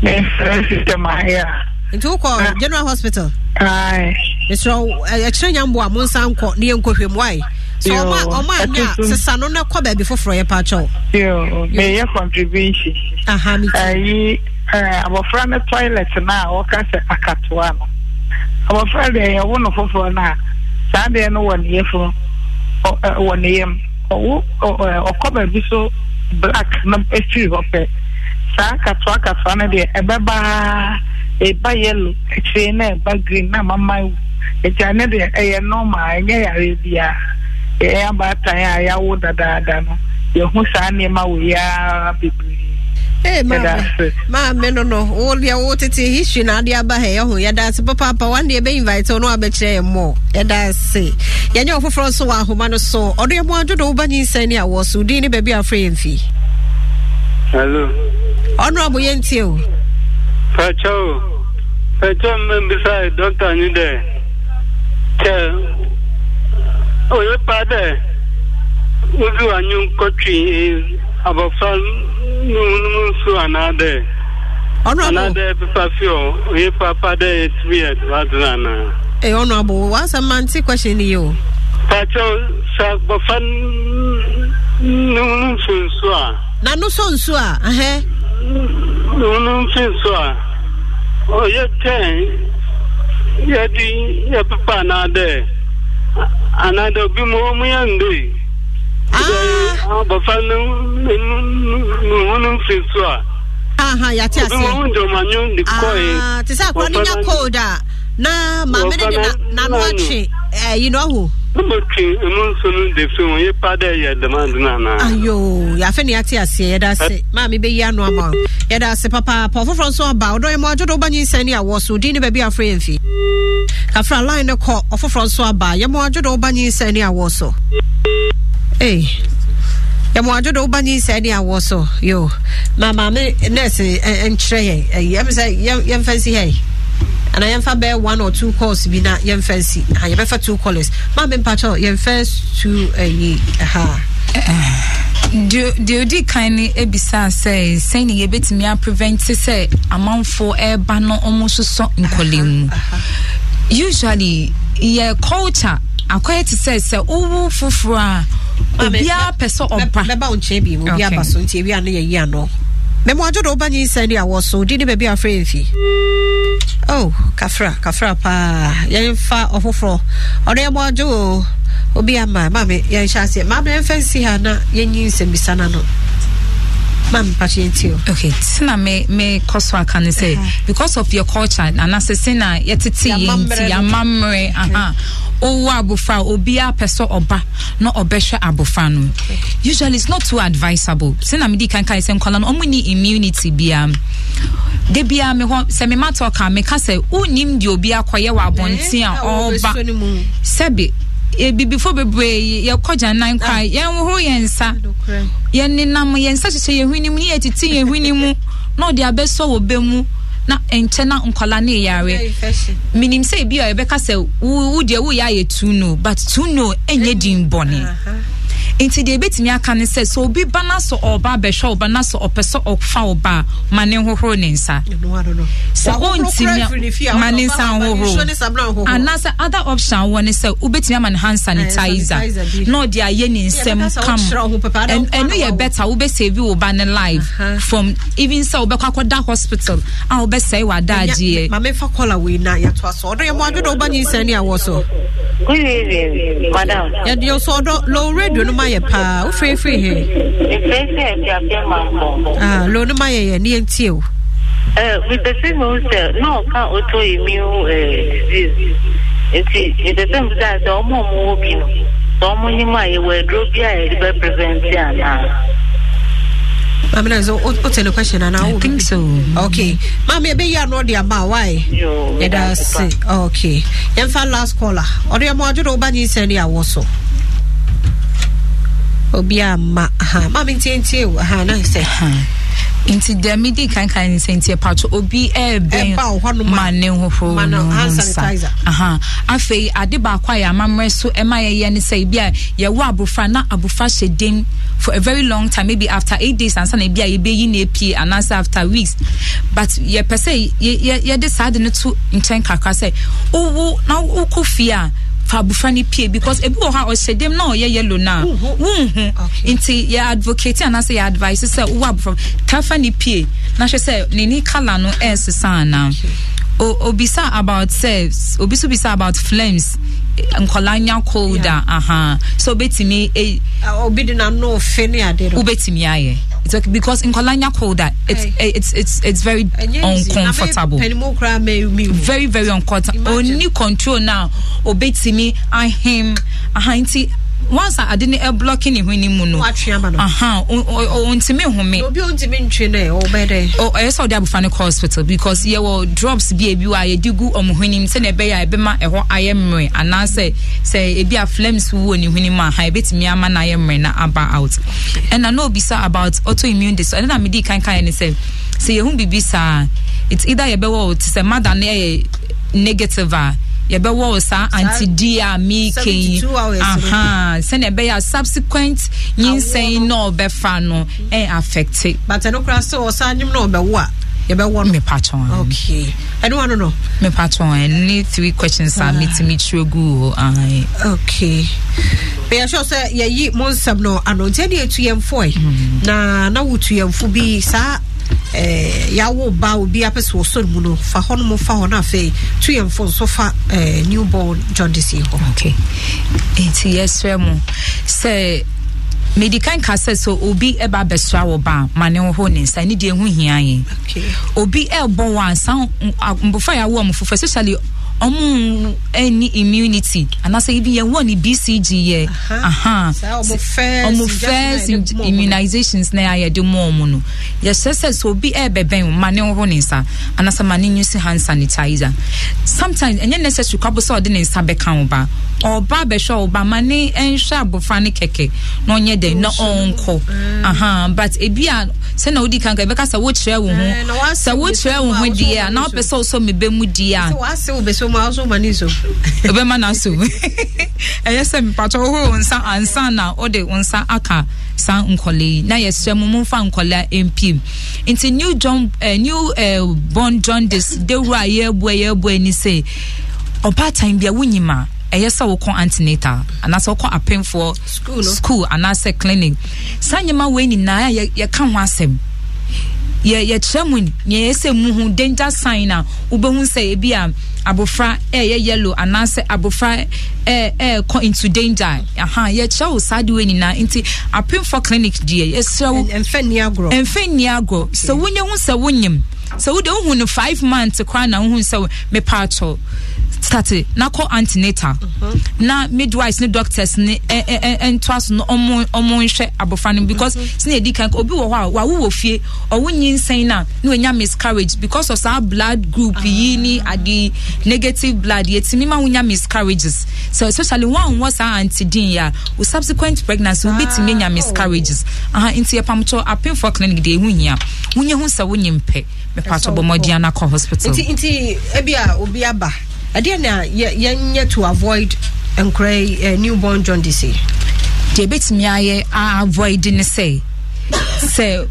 mfii nti wokɔ general hospital mesrɛ ɛkyerɛ nyamboa monsa nkɔ ne yɛnkɔhwɛ mu ae so ɔmo a ɔmo a na sisan no na kɔ baabi foforɔ yɛ paakyɛw. yoo meyɛ contribution. aha mi ti. ayi abɔfra ne toilet na a wɔka sɛ akatoa no abofra abɔfra deɛ yɛwo na foforɔ na saa deɛ no wɔ ne yɛfo wɔ ne yam ɔwo ɔkɔ baabi so black na efiri hɔ pɛ saa akatoa akatoa no deɛ ebeba eba yellow akyire na eba green na mama ewu ɛgya ne deɛ ɛyɛ normal ɛnyɛ yare biara. yɛyɛ abaatan a yɛawo dadaada no yɛhu saa nneɛma wɔ yi bebree eh, maame maame no no wodeɛ wotete history na ade aba ha ya yɛda ase papaapa wane papa bɛinvite wo no wabɛkyerɛ yɛ mmɔ yɛda ase yɛnyɛ ɔfoforɔ nso wɔ ahoma no so ɔdo yɛ mu adwodo woba nyinsɛn ne awɔ so ne baabi afrɛ yɛ ɔno abo yɛntie o pɛkyɛ o pɛkyɛ dɔkta dɛ kyɛ oye padà ojú anyu nkọtwi abọfra nusu anadẹ anadẹ pipafi ọ oye papa dẹ etimi ẹ wadu ana. ẹ ọ̀nà àbò wàá sọ nìyí o. pàṣẹ sọ abọfra nusu nsu a. na nusu nsu a. a oye tẹ yẹ di yẹ anadọ bi mu ọmụ ya nde. Abọfa n'ụmụ mfe so a. Aha, yate ase. Obi mu ọmụ njọ ma nyọ ndị kọọ ya. Te sị akwa n'ịnya a na maame ne de na na ɛyi eh, na ɔho. ne ma twe emu nso no de fi wɔn yipa dɛ yɛ demand nana. ayo yafe na yate aseɛ yɛda ase maame bɛ yi ano ama o yɛda ase papaapa ɔfoforɔ nso aba ɔdɔ yɛ mo adwodo ɔba nyinsɛn ne awɔ so odin ne baabi afra yɛn fi kafra line ne kɔ ɔfoforɔ nso aba yɛ mo adwodo ɔba nyinsɛn ne awɔ so. ee yɛmɔ adwo de woba nyi sɛ ne awɔ so yo na maame nurse eh, nkyerɛ yɛn ɛyi ɛmi sɛ yɛmfa nsi hɛ yi ana yɛmfa bɛɛ one or two calls bi na yɛmfa nsi ha yɛbɛfa two callers maame mpakyɛw yɛmfa two ayi eh, ha deɛ odi kan no ebisa sɛ sɛne yɛbɛtumi aprevente sɛ amanfoɔ ɛreba no ɔmo sosɔ nkɔlɛ mu usually yɛ culture akɔyɛ te sɛ sɛ wowo foforɔ a obiara pɛ sɛ ɔba bɛba wo nkyɛn bi mu obi aba so nti ebi ano yɛ ano mɛmu adwo de woba nyinsɛn de awɔ so di ne baabi afrɛ mfi oh kafra kafra paa yɛmfa ɔfoforɔ ɔno yɛmu adwo o obi ama maame yɛnhyɛ aseɛ maame yɛmfa nsi ha na yɛnyi nsɛmbisa no maame okay uh-huh. because of your culture anase se na yɛtete yɛn nti yamammerɛ aha owó abofra obiara pɛ sɛ ɔba na ɔbɛhwɛ usually it's not too advisable se na medi kankan sɛ nkɔla immunity biara de me hɔ sɛ ka me ka sɛ wonim deɛ obi akɔyɛ wɔ eh, abɔnten a ebibifo eh, bebree yɛkɔgya nan kwa ah. yɛn ho yɛn nsa yɛn nenam yɛn nsa hyehyɛ yɛn hwene mu ne yɛtete yɛn hwene mu na ɔde abɛsɔ wɔ bɛ mu na nkyɛn na nkɔla ne yare minim sɛ ebi a yɛbɛka sɛ wo deɛ woyɛ ayɛ tu no but tu no ɛnyɛ din bɔne. nti deɛ ebetumi aka ne sɛ sɛ obi ba na so ɔba abɛhwɛ ɔba na so ɔpɛ sɛ ɔfa ɔba a ma ne hohoro ne nsa sɛ ɔntumi ma ne nsa hohoro anaasɛ other option wɔ ne sɛ wobɛtumi ama ne hand eh, sanitizer na ɔde ayɛ ne nsɛm kam ɛno yɛ better wobɛsɛvi wo ba ne life from even sɛ wobɛkɔ akɔda hospital a wobɛsɛe w'adagyeɛ mamefa kɔla wei na yɛtoa so ɔdɔ yɛ mo adwene woba nyinsɛne awɔ so yɛdeɛ so ɔdɔ low radio loan yɛ paa wo he ah yɛ yɛ ne yɛntie o mepɛsɛ mu sɛ na ɔka ɔtɔ immune eh, disease nti mepɛsɛ mu sɛ sɛ ɔma ɔmo wɔ bi no sɛ ɔmo nyim a yɛwɔ aduro bi a yɛde bɛ anaa Mami nanzo, what's the question? And I think so. Okay. Mami, ebe ya no dia why? Yo. si. Okay. Yemfa last caller. Odi obi ma. ha maame ntientie wɔ ha na sɛ nti deɛ medi kankan ne sɛ nti ɛpato obi ɛɛbɛn ma ne hohoro no nsa afei ade baako a yɛ amammerɛ so ɛma yɛyɛ ne sɛ ebi a yɛwɔ abofra na abofra hyɛ den for a very long time maybe after eight days ansa na ebi a yɛbɛyi ne apie anaasɛ after weeks but yɛpɛ sɛ yɛde saa de no to nkyɛn kakra sɛ wowo na wokɔ fie a fa abofra pie because ebi wɔ hɔ a ɔhyɛ dɛm na ɔyɛ yellow na wunhu nti yɛ advocate anaasɛ yɛ advice sɛ wowɔ abofra tafa no pie na hwɛ sɛ ne ni colour no ɛresesa anaa obisa about selves obi so about flames nkɔla nya cold a aha so obetumi e. obi di na no fe ne ade do. obetumi ayɛ it's okay because nkɔla nya cold a it's eh, it's it's it's very uncomfortable. pɛnimu kura mɛ mi o. very very uncomfortable oni control na obetumi ahim ahanti once ade ne ɛblɔki ne hwene mu no ɔntumi home ɛyɛ sɛ ɔde abofra no kɔ hospital because yɛwɔ drops bi ebi a yɛde gu ɔmo hwenem sɛnea ɛbɛyɛ a ɛbɛma ɛhɔ ayɛ mmerɛ anaasɛ sɛ ebi a flames wuo ne hwene mu a ha ɛbɛtumi ama no ayɛ mmerɛ na aba out ɛna na obisa about autoimmune disorder ɛna na mede kan kan yɛ ne sɛ sɛ yɛhu biribi saa it's either yɛbɛwɔ te sɛ mada no ɛyɛ negative a ah, yɛbɛwɔ wo saa antidi a meekei aha sɛnea ɛbɛyɛ a subsequent nyinsɛn na ɔbɛfa no ɛn affecte mepatɔn mepatɔn ɛne three questions a ah. metumi kyerɛ gu hɔ meyɛsɛ sɛ yɛyi mo nsɛm no ano nti ɛne ɛtu yɛmfoe mhm. na na wotu yɛmfo bi saa eh, yawo ba obi apɛ sɛ wɔsɔre mu no fa hɔ nom fa hɔ no afei to yɛ mfo nso fa newborn jaundice yi hɔ okay. nti yɛsrɛ mu sɛ mede kan ka sɛ sɛ obi ba bɛsoa wɔ ba a ma ne ho ne nsa ne deɛ ho hia yɛ obi ɛbɔ wɔ ansa mbɔfra yɛawo a mfofo especially ɔmo ɛni immunity anasɛ ibi yɛ wɔ ni bcg yɛ ɔmo first immunizations na yɛ de mu ɔmo no So sɛ sɛ obi ɛɛbɛbɛn ma ne ho ne nsa anasɛ ma ne use hand sanitizer sometimes ɛnyɛ necessary kwabo sɛ ɔde ne nsa bɛka ɔba ɔba bɛhwɛ ɔba ma ne nhwɛ abɔfra ne kɛkɛ na ɔnyɛ dɛ na ɔnkɔ but ebi a sɛ na odi kankan ɛbɛka sɛ wokyerɛ wo ho sɛ wokyerɛ wo ho deɛ a na ɔpɛ sɛ ɔsɔ mebe mu deɛ a. wobɛma no so ɛyɛ sɛ mepatɔ wohoro wo nsa ansa na wode wo nsa aka saa nkɔle yi na yɛsrɛ mu momfa nkɔle a mpim nti new john uh, new uh, born john dis dawuro a yɛabua yɛabua ni sɛ ɔbaatan bia wonyim a ɛyɛ sɛ wokɔ antenatal anaasɛ wokɔ apemfoɔ school anaasɛ clinic saa nnyɛma wei nyinaa yɛka ho asɛm yɛkyerɛ mu neɛ ɛsɛ mu danger sign a wobɛhu sɛ ebi a abofra ɛyɛ eh, yellow anaasɛ abofra ɛɛkɔ eh, eh, into danger aha yɛkyerɛ wo saa de wei nyinaa nti apemfo clinic deɛ yɛsrɛ wo ɛmfɛ nni agorɔ ɛmfɛ nni agorɔ sɛ wonyɛ hu sɛ wonyim sɛ wode wohu no five months koraa na wohu sɛ mepaatɔ start na kɔ antenatal mm-hmm. na midwives ne doctors ne ntoa so no ɔmo nhwɛ abɔfra no because sini edi kan obi wɔ hɔ a wawu wɔ fie ɔwo nyinsɛn na na wanya miscarriage because of saa blood group ah. yi ni adi negative blood yɛtumi ma wonya miscarriages so especially wɔn a wɔn saa antidin yɛ a o subsequent pregnancy obi tumi nya ah. miscarriages nti ɛpamtɔ apemfo clinic de ehu hia wonye ho sɛ wonye mpɛ mepatɔ bɔ mɔden anakɔ hospital. nti nti ebi a obi aba ɛdeɛ na yɛnyɛ to avoid nkora yi eh, newborn jaundice yi. deɛ ebetumi ayɛ avoid ne sɛ sɛ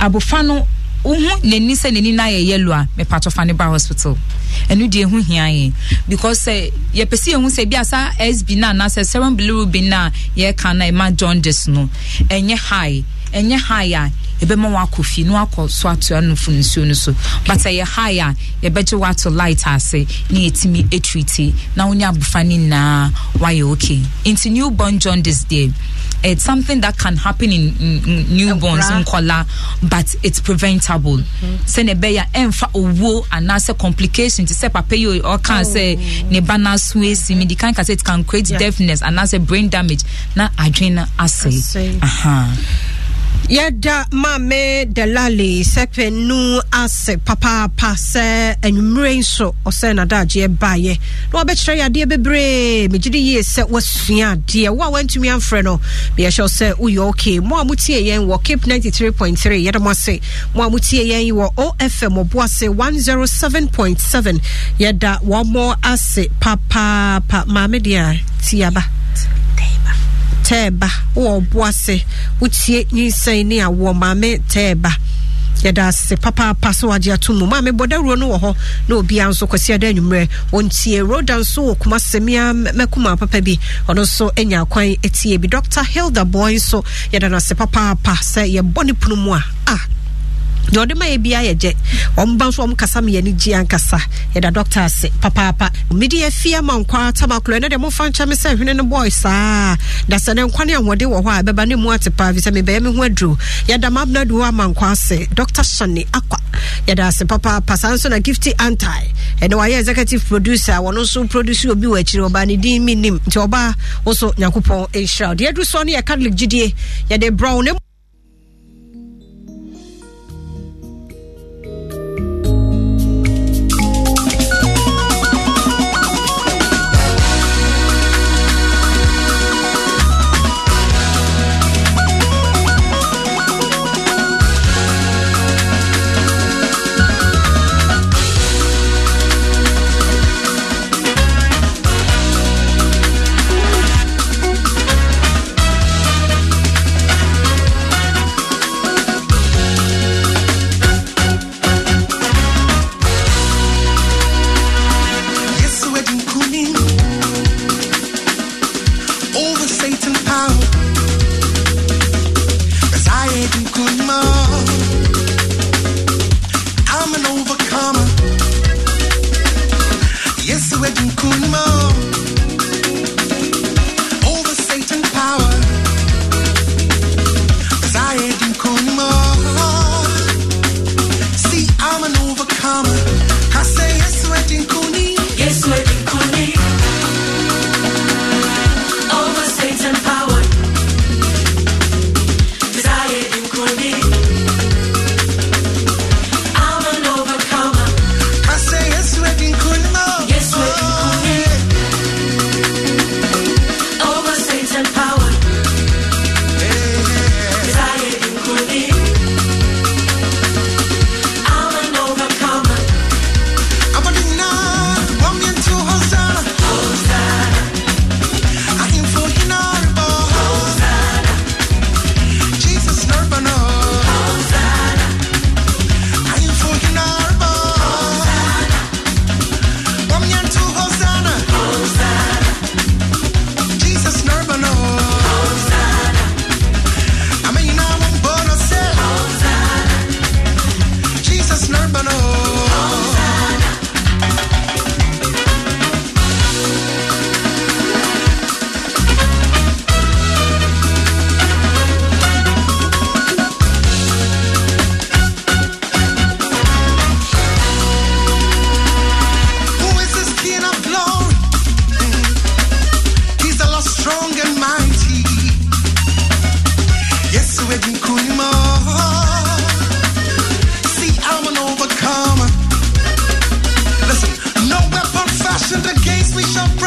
abofra no wohu n'ani sɛ n'ani na ayɛ yellow a mepatɔ fa ne ba hospital ɛnu deɛ ho hia yɛ because eh, sɛ yɛpɛ si ehu sɛ bi asa sb na anaasɛ serum bilirubin na yɛka na ɛma jaundice no ɛnyɛ high ɛnyɛ high a ɛbɛma wakɔ fi na wakɔ so atoa no fo nsuo no so but ɛyɛ high yɛbɛgye wato light ase na yɛtumi ɛtriti na wonya abofa no nyinaa wayɛ okay nti newborn jaundice deɛ it's something that can happen in, in, in newborns nkola but it's preventable mhm. sɛnɛ ɛbɛyɛ enfa owó anaasɛ complication ti sɛ papa yi ɔkan oh. sɛ ne ba na di kan ka it can create deafness anaasɛ brain damage na adwene ase yɛda maame delali sɛpɛ nu ase papaapa sɛ anwummerɛ nso ɔsɛ nadagyeɛ baeɛ na wabɛkyerɛ yɛ adeɛ bebree megye de yie sɛ woasua adeɛ wo a woantumi amfrɛ no meyɛhyɛ sɛ woyɛ ok mo a motie yɛn wɔ cape 93.3 yɛde mo ase mo a motie yɛn wɔ ofm ɔbo ase 107.7 yɛda wɔmmɔ ase papaapa maame deɛ tiaba tɛɛba wowɔ ɔbo ase wotie nyinsɛn ne awoɔ maame tɛɛba yɛda ase papaapa so wagye ato mu maame bɔdawuro no wɔ hɔ na obiara nso kwasi ada anwummerɛ ɔntie roda nso wɔ kuma sɛmia mɛkuma papa bi ɔno nso anya kwan tie bi dr hilda boy nso yɛda no ase papaapa sɛ yɛbɔ ne punu mu a a deɛ ɔde ma yɛ bia yɛ gye ɔmba nso ɔm kasa meyɛ ne gye ankasa yɛda dɔctor ase papaapa mede afie ama nkwa tamakoro ɛnɛ deɛ momfa nkyɛ me sɛ hwene no bɔe saa da sɛ ne nkwa ne ahoɔde wɔ hɔ a ɛbɛba ne mu ate paa fi sɛ mebɛyɛ me ho aduro yɛda mabna adu hɔ ama nkwa ase dɔctor shani akwa yɛda ase papaapa saa nso na gifty anti ɛnɛ wayɛ executive producer wɔno nso produce obi wɔ akyiri ɔbaa ne din menim nti ɔbaa wo so nyankopɔn ɛnhyira wo deɛ adu so ne yɛ catholic gyidie yɛde brown ne.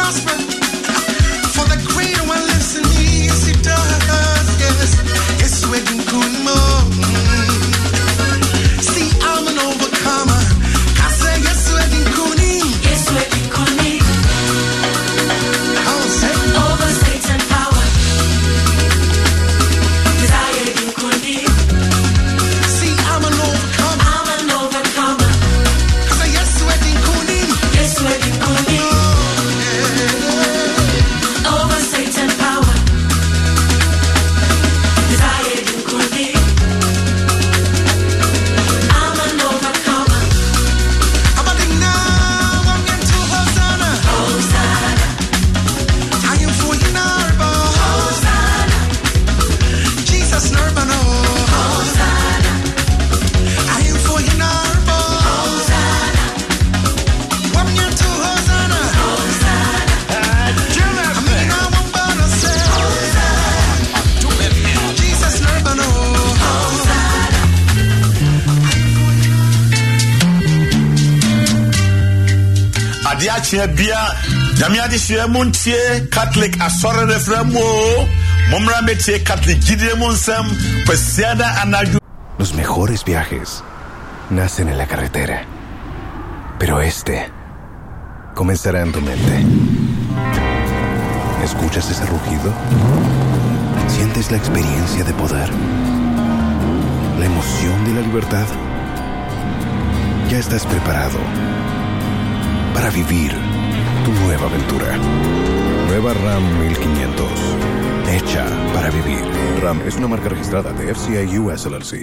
prosper. Los mejores viajes nacen en la carretera, pero este comenzará en tu mente. ¿Escuchas ese rugido? ¿Sientes la experiencia de poder? ¿La emoción de la libertad? Ya estás preparado para vivir tu nueva aventura. Nueva RAM 1500. Hecha para vivir. RAM es una marca registrada de FCI US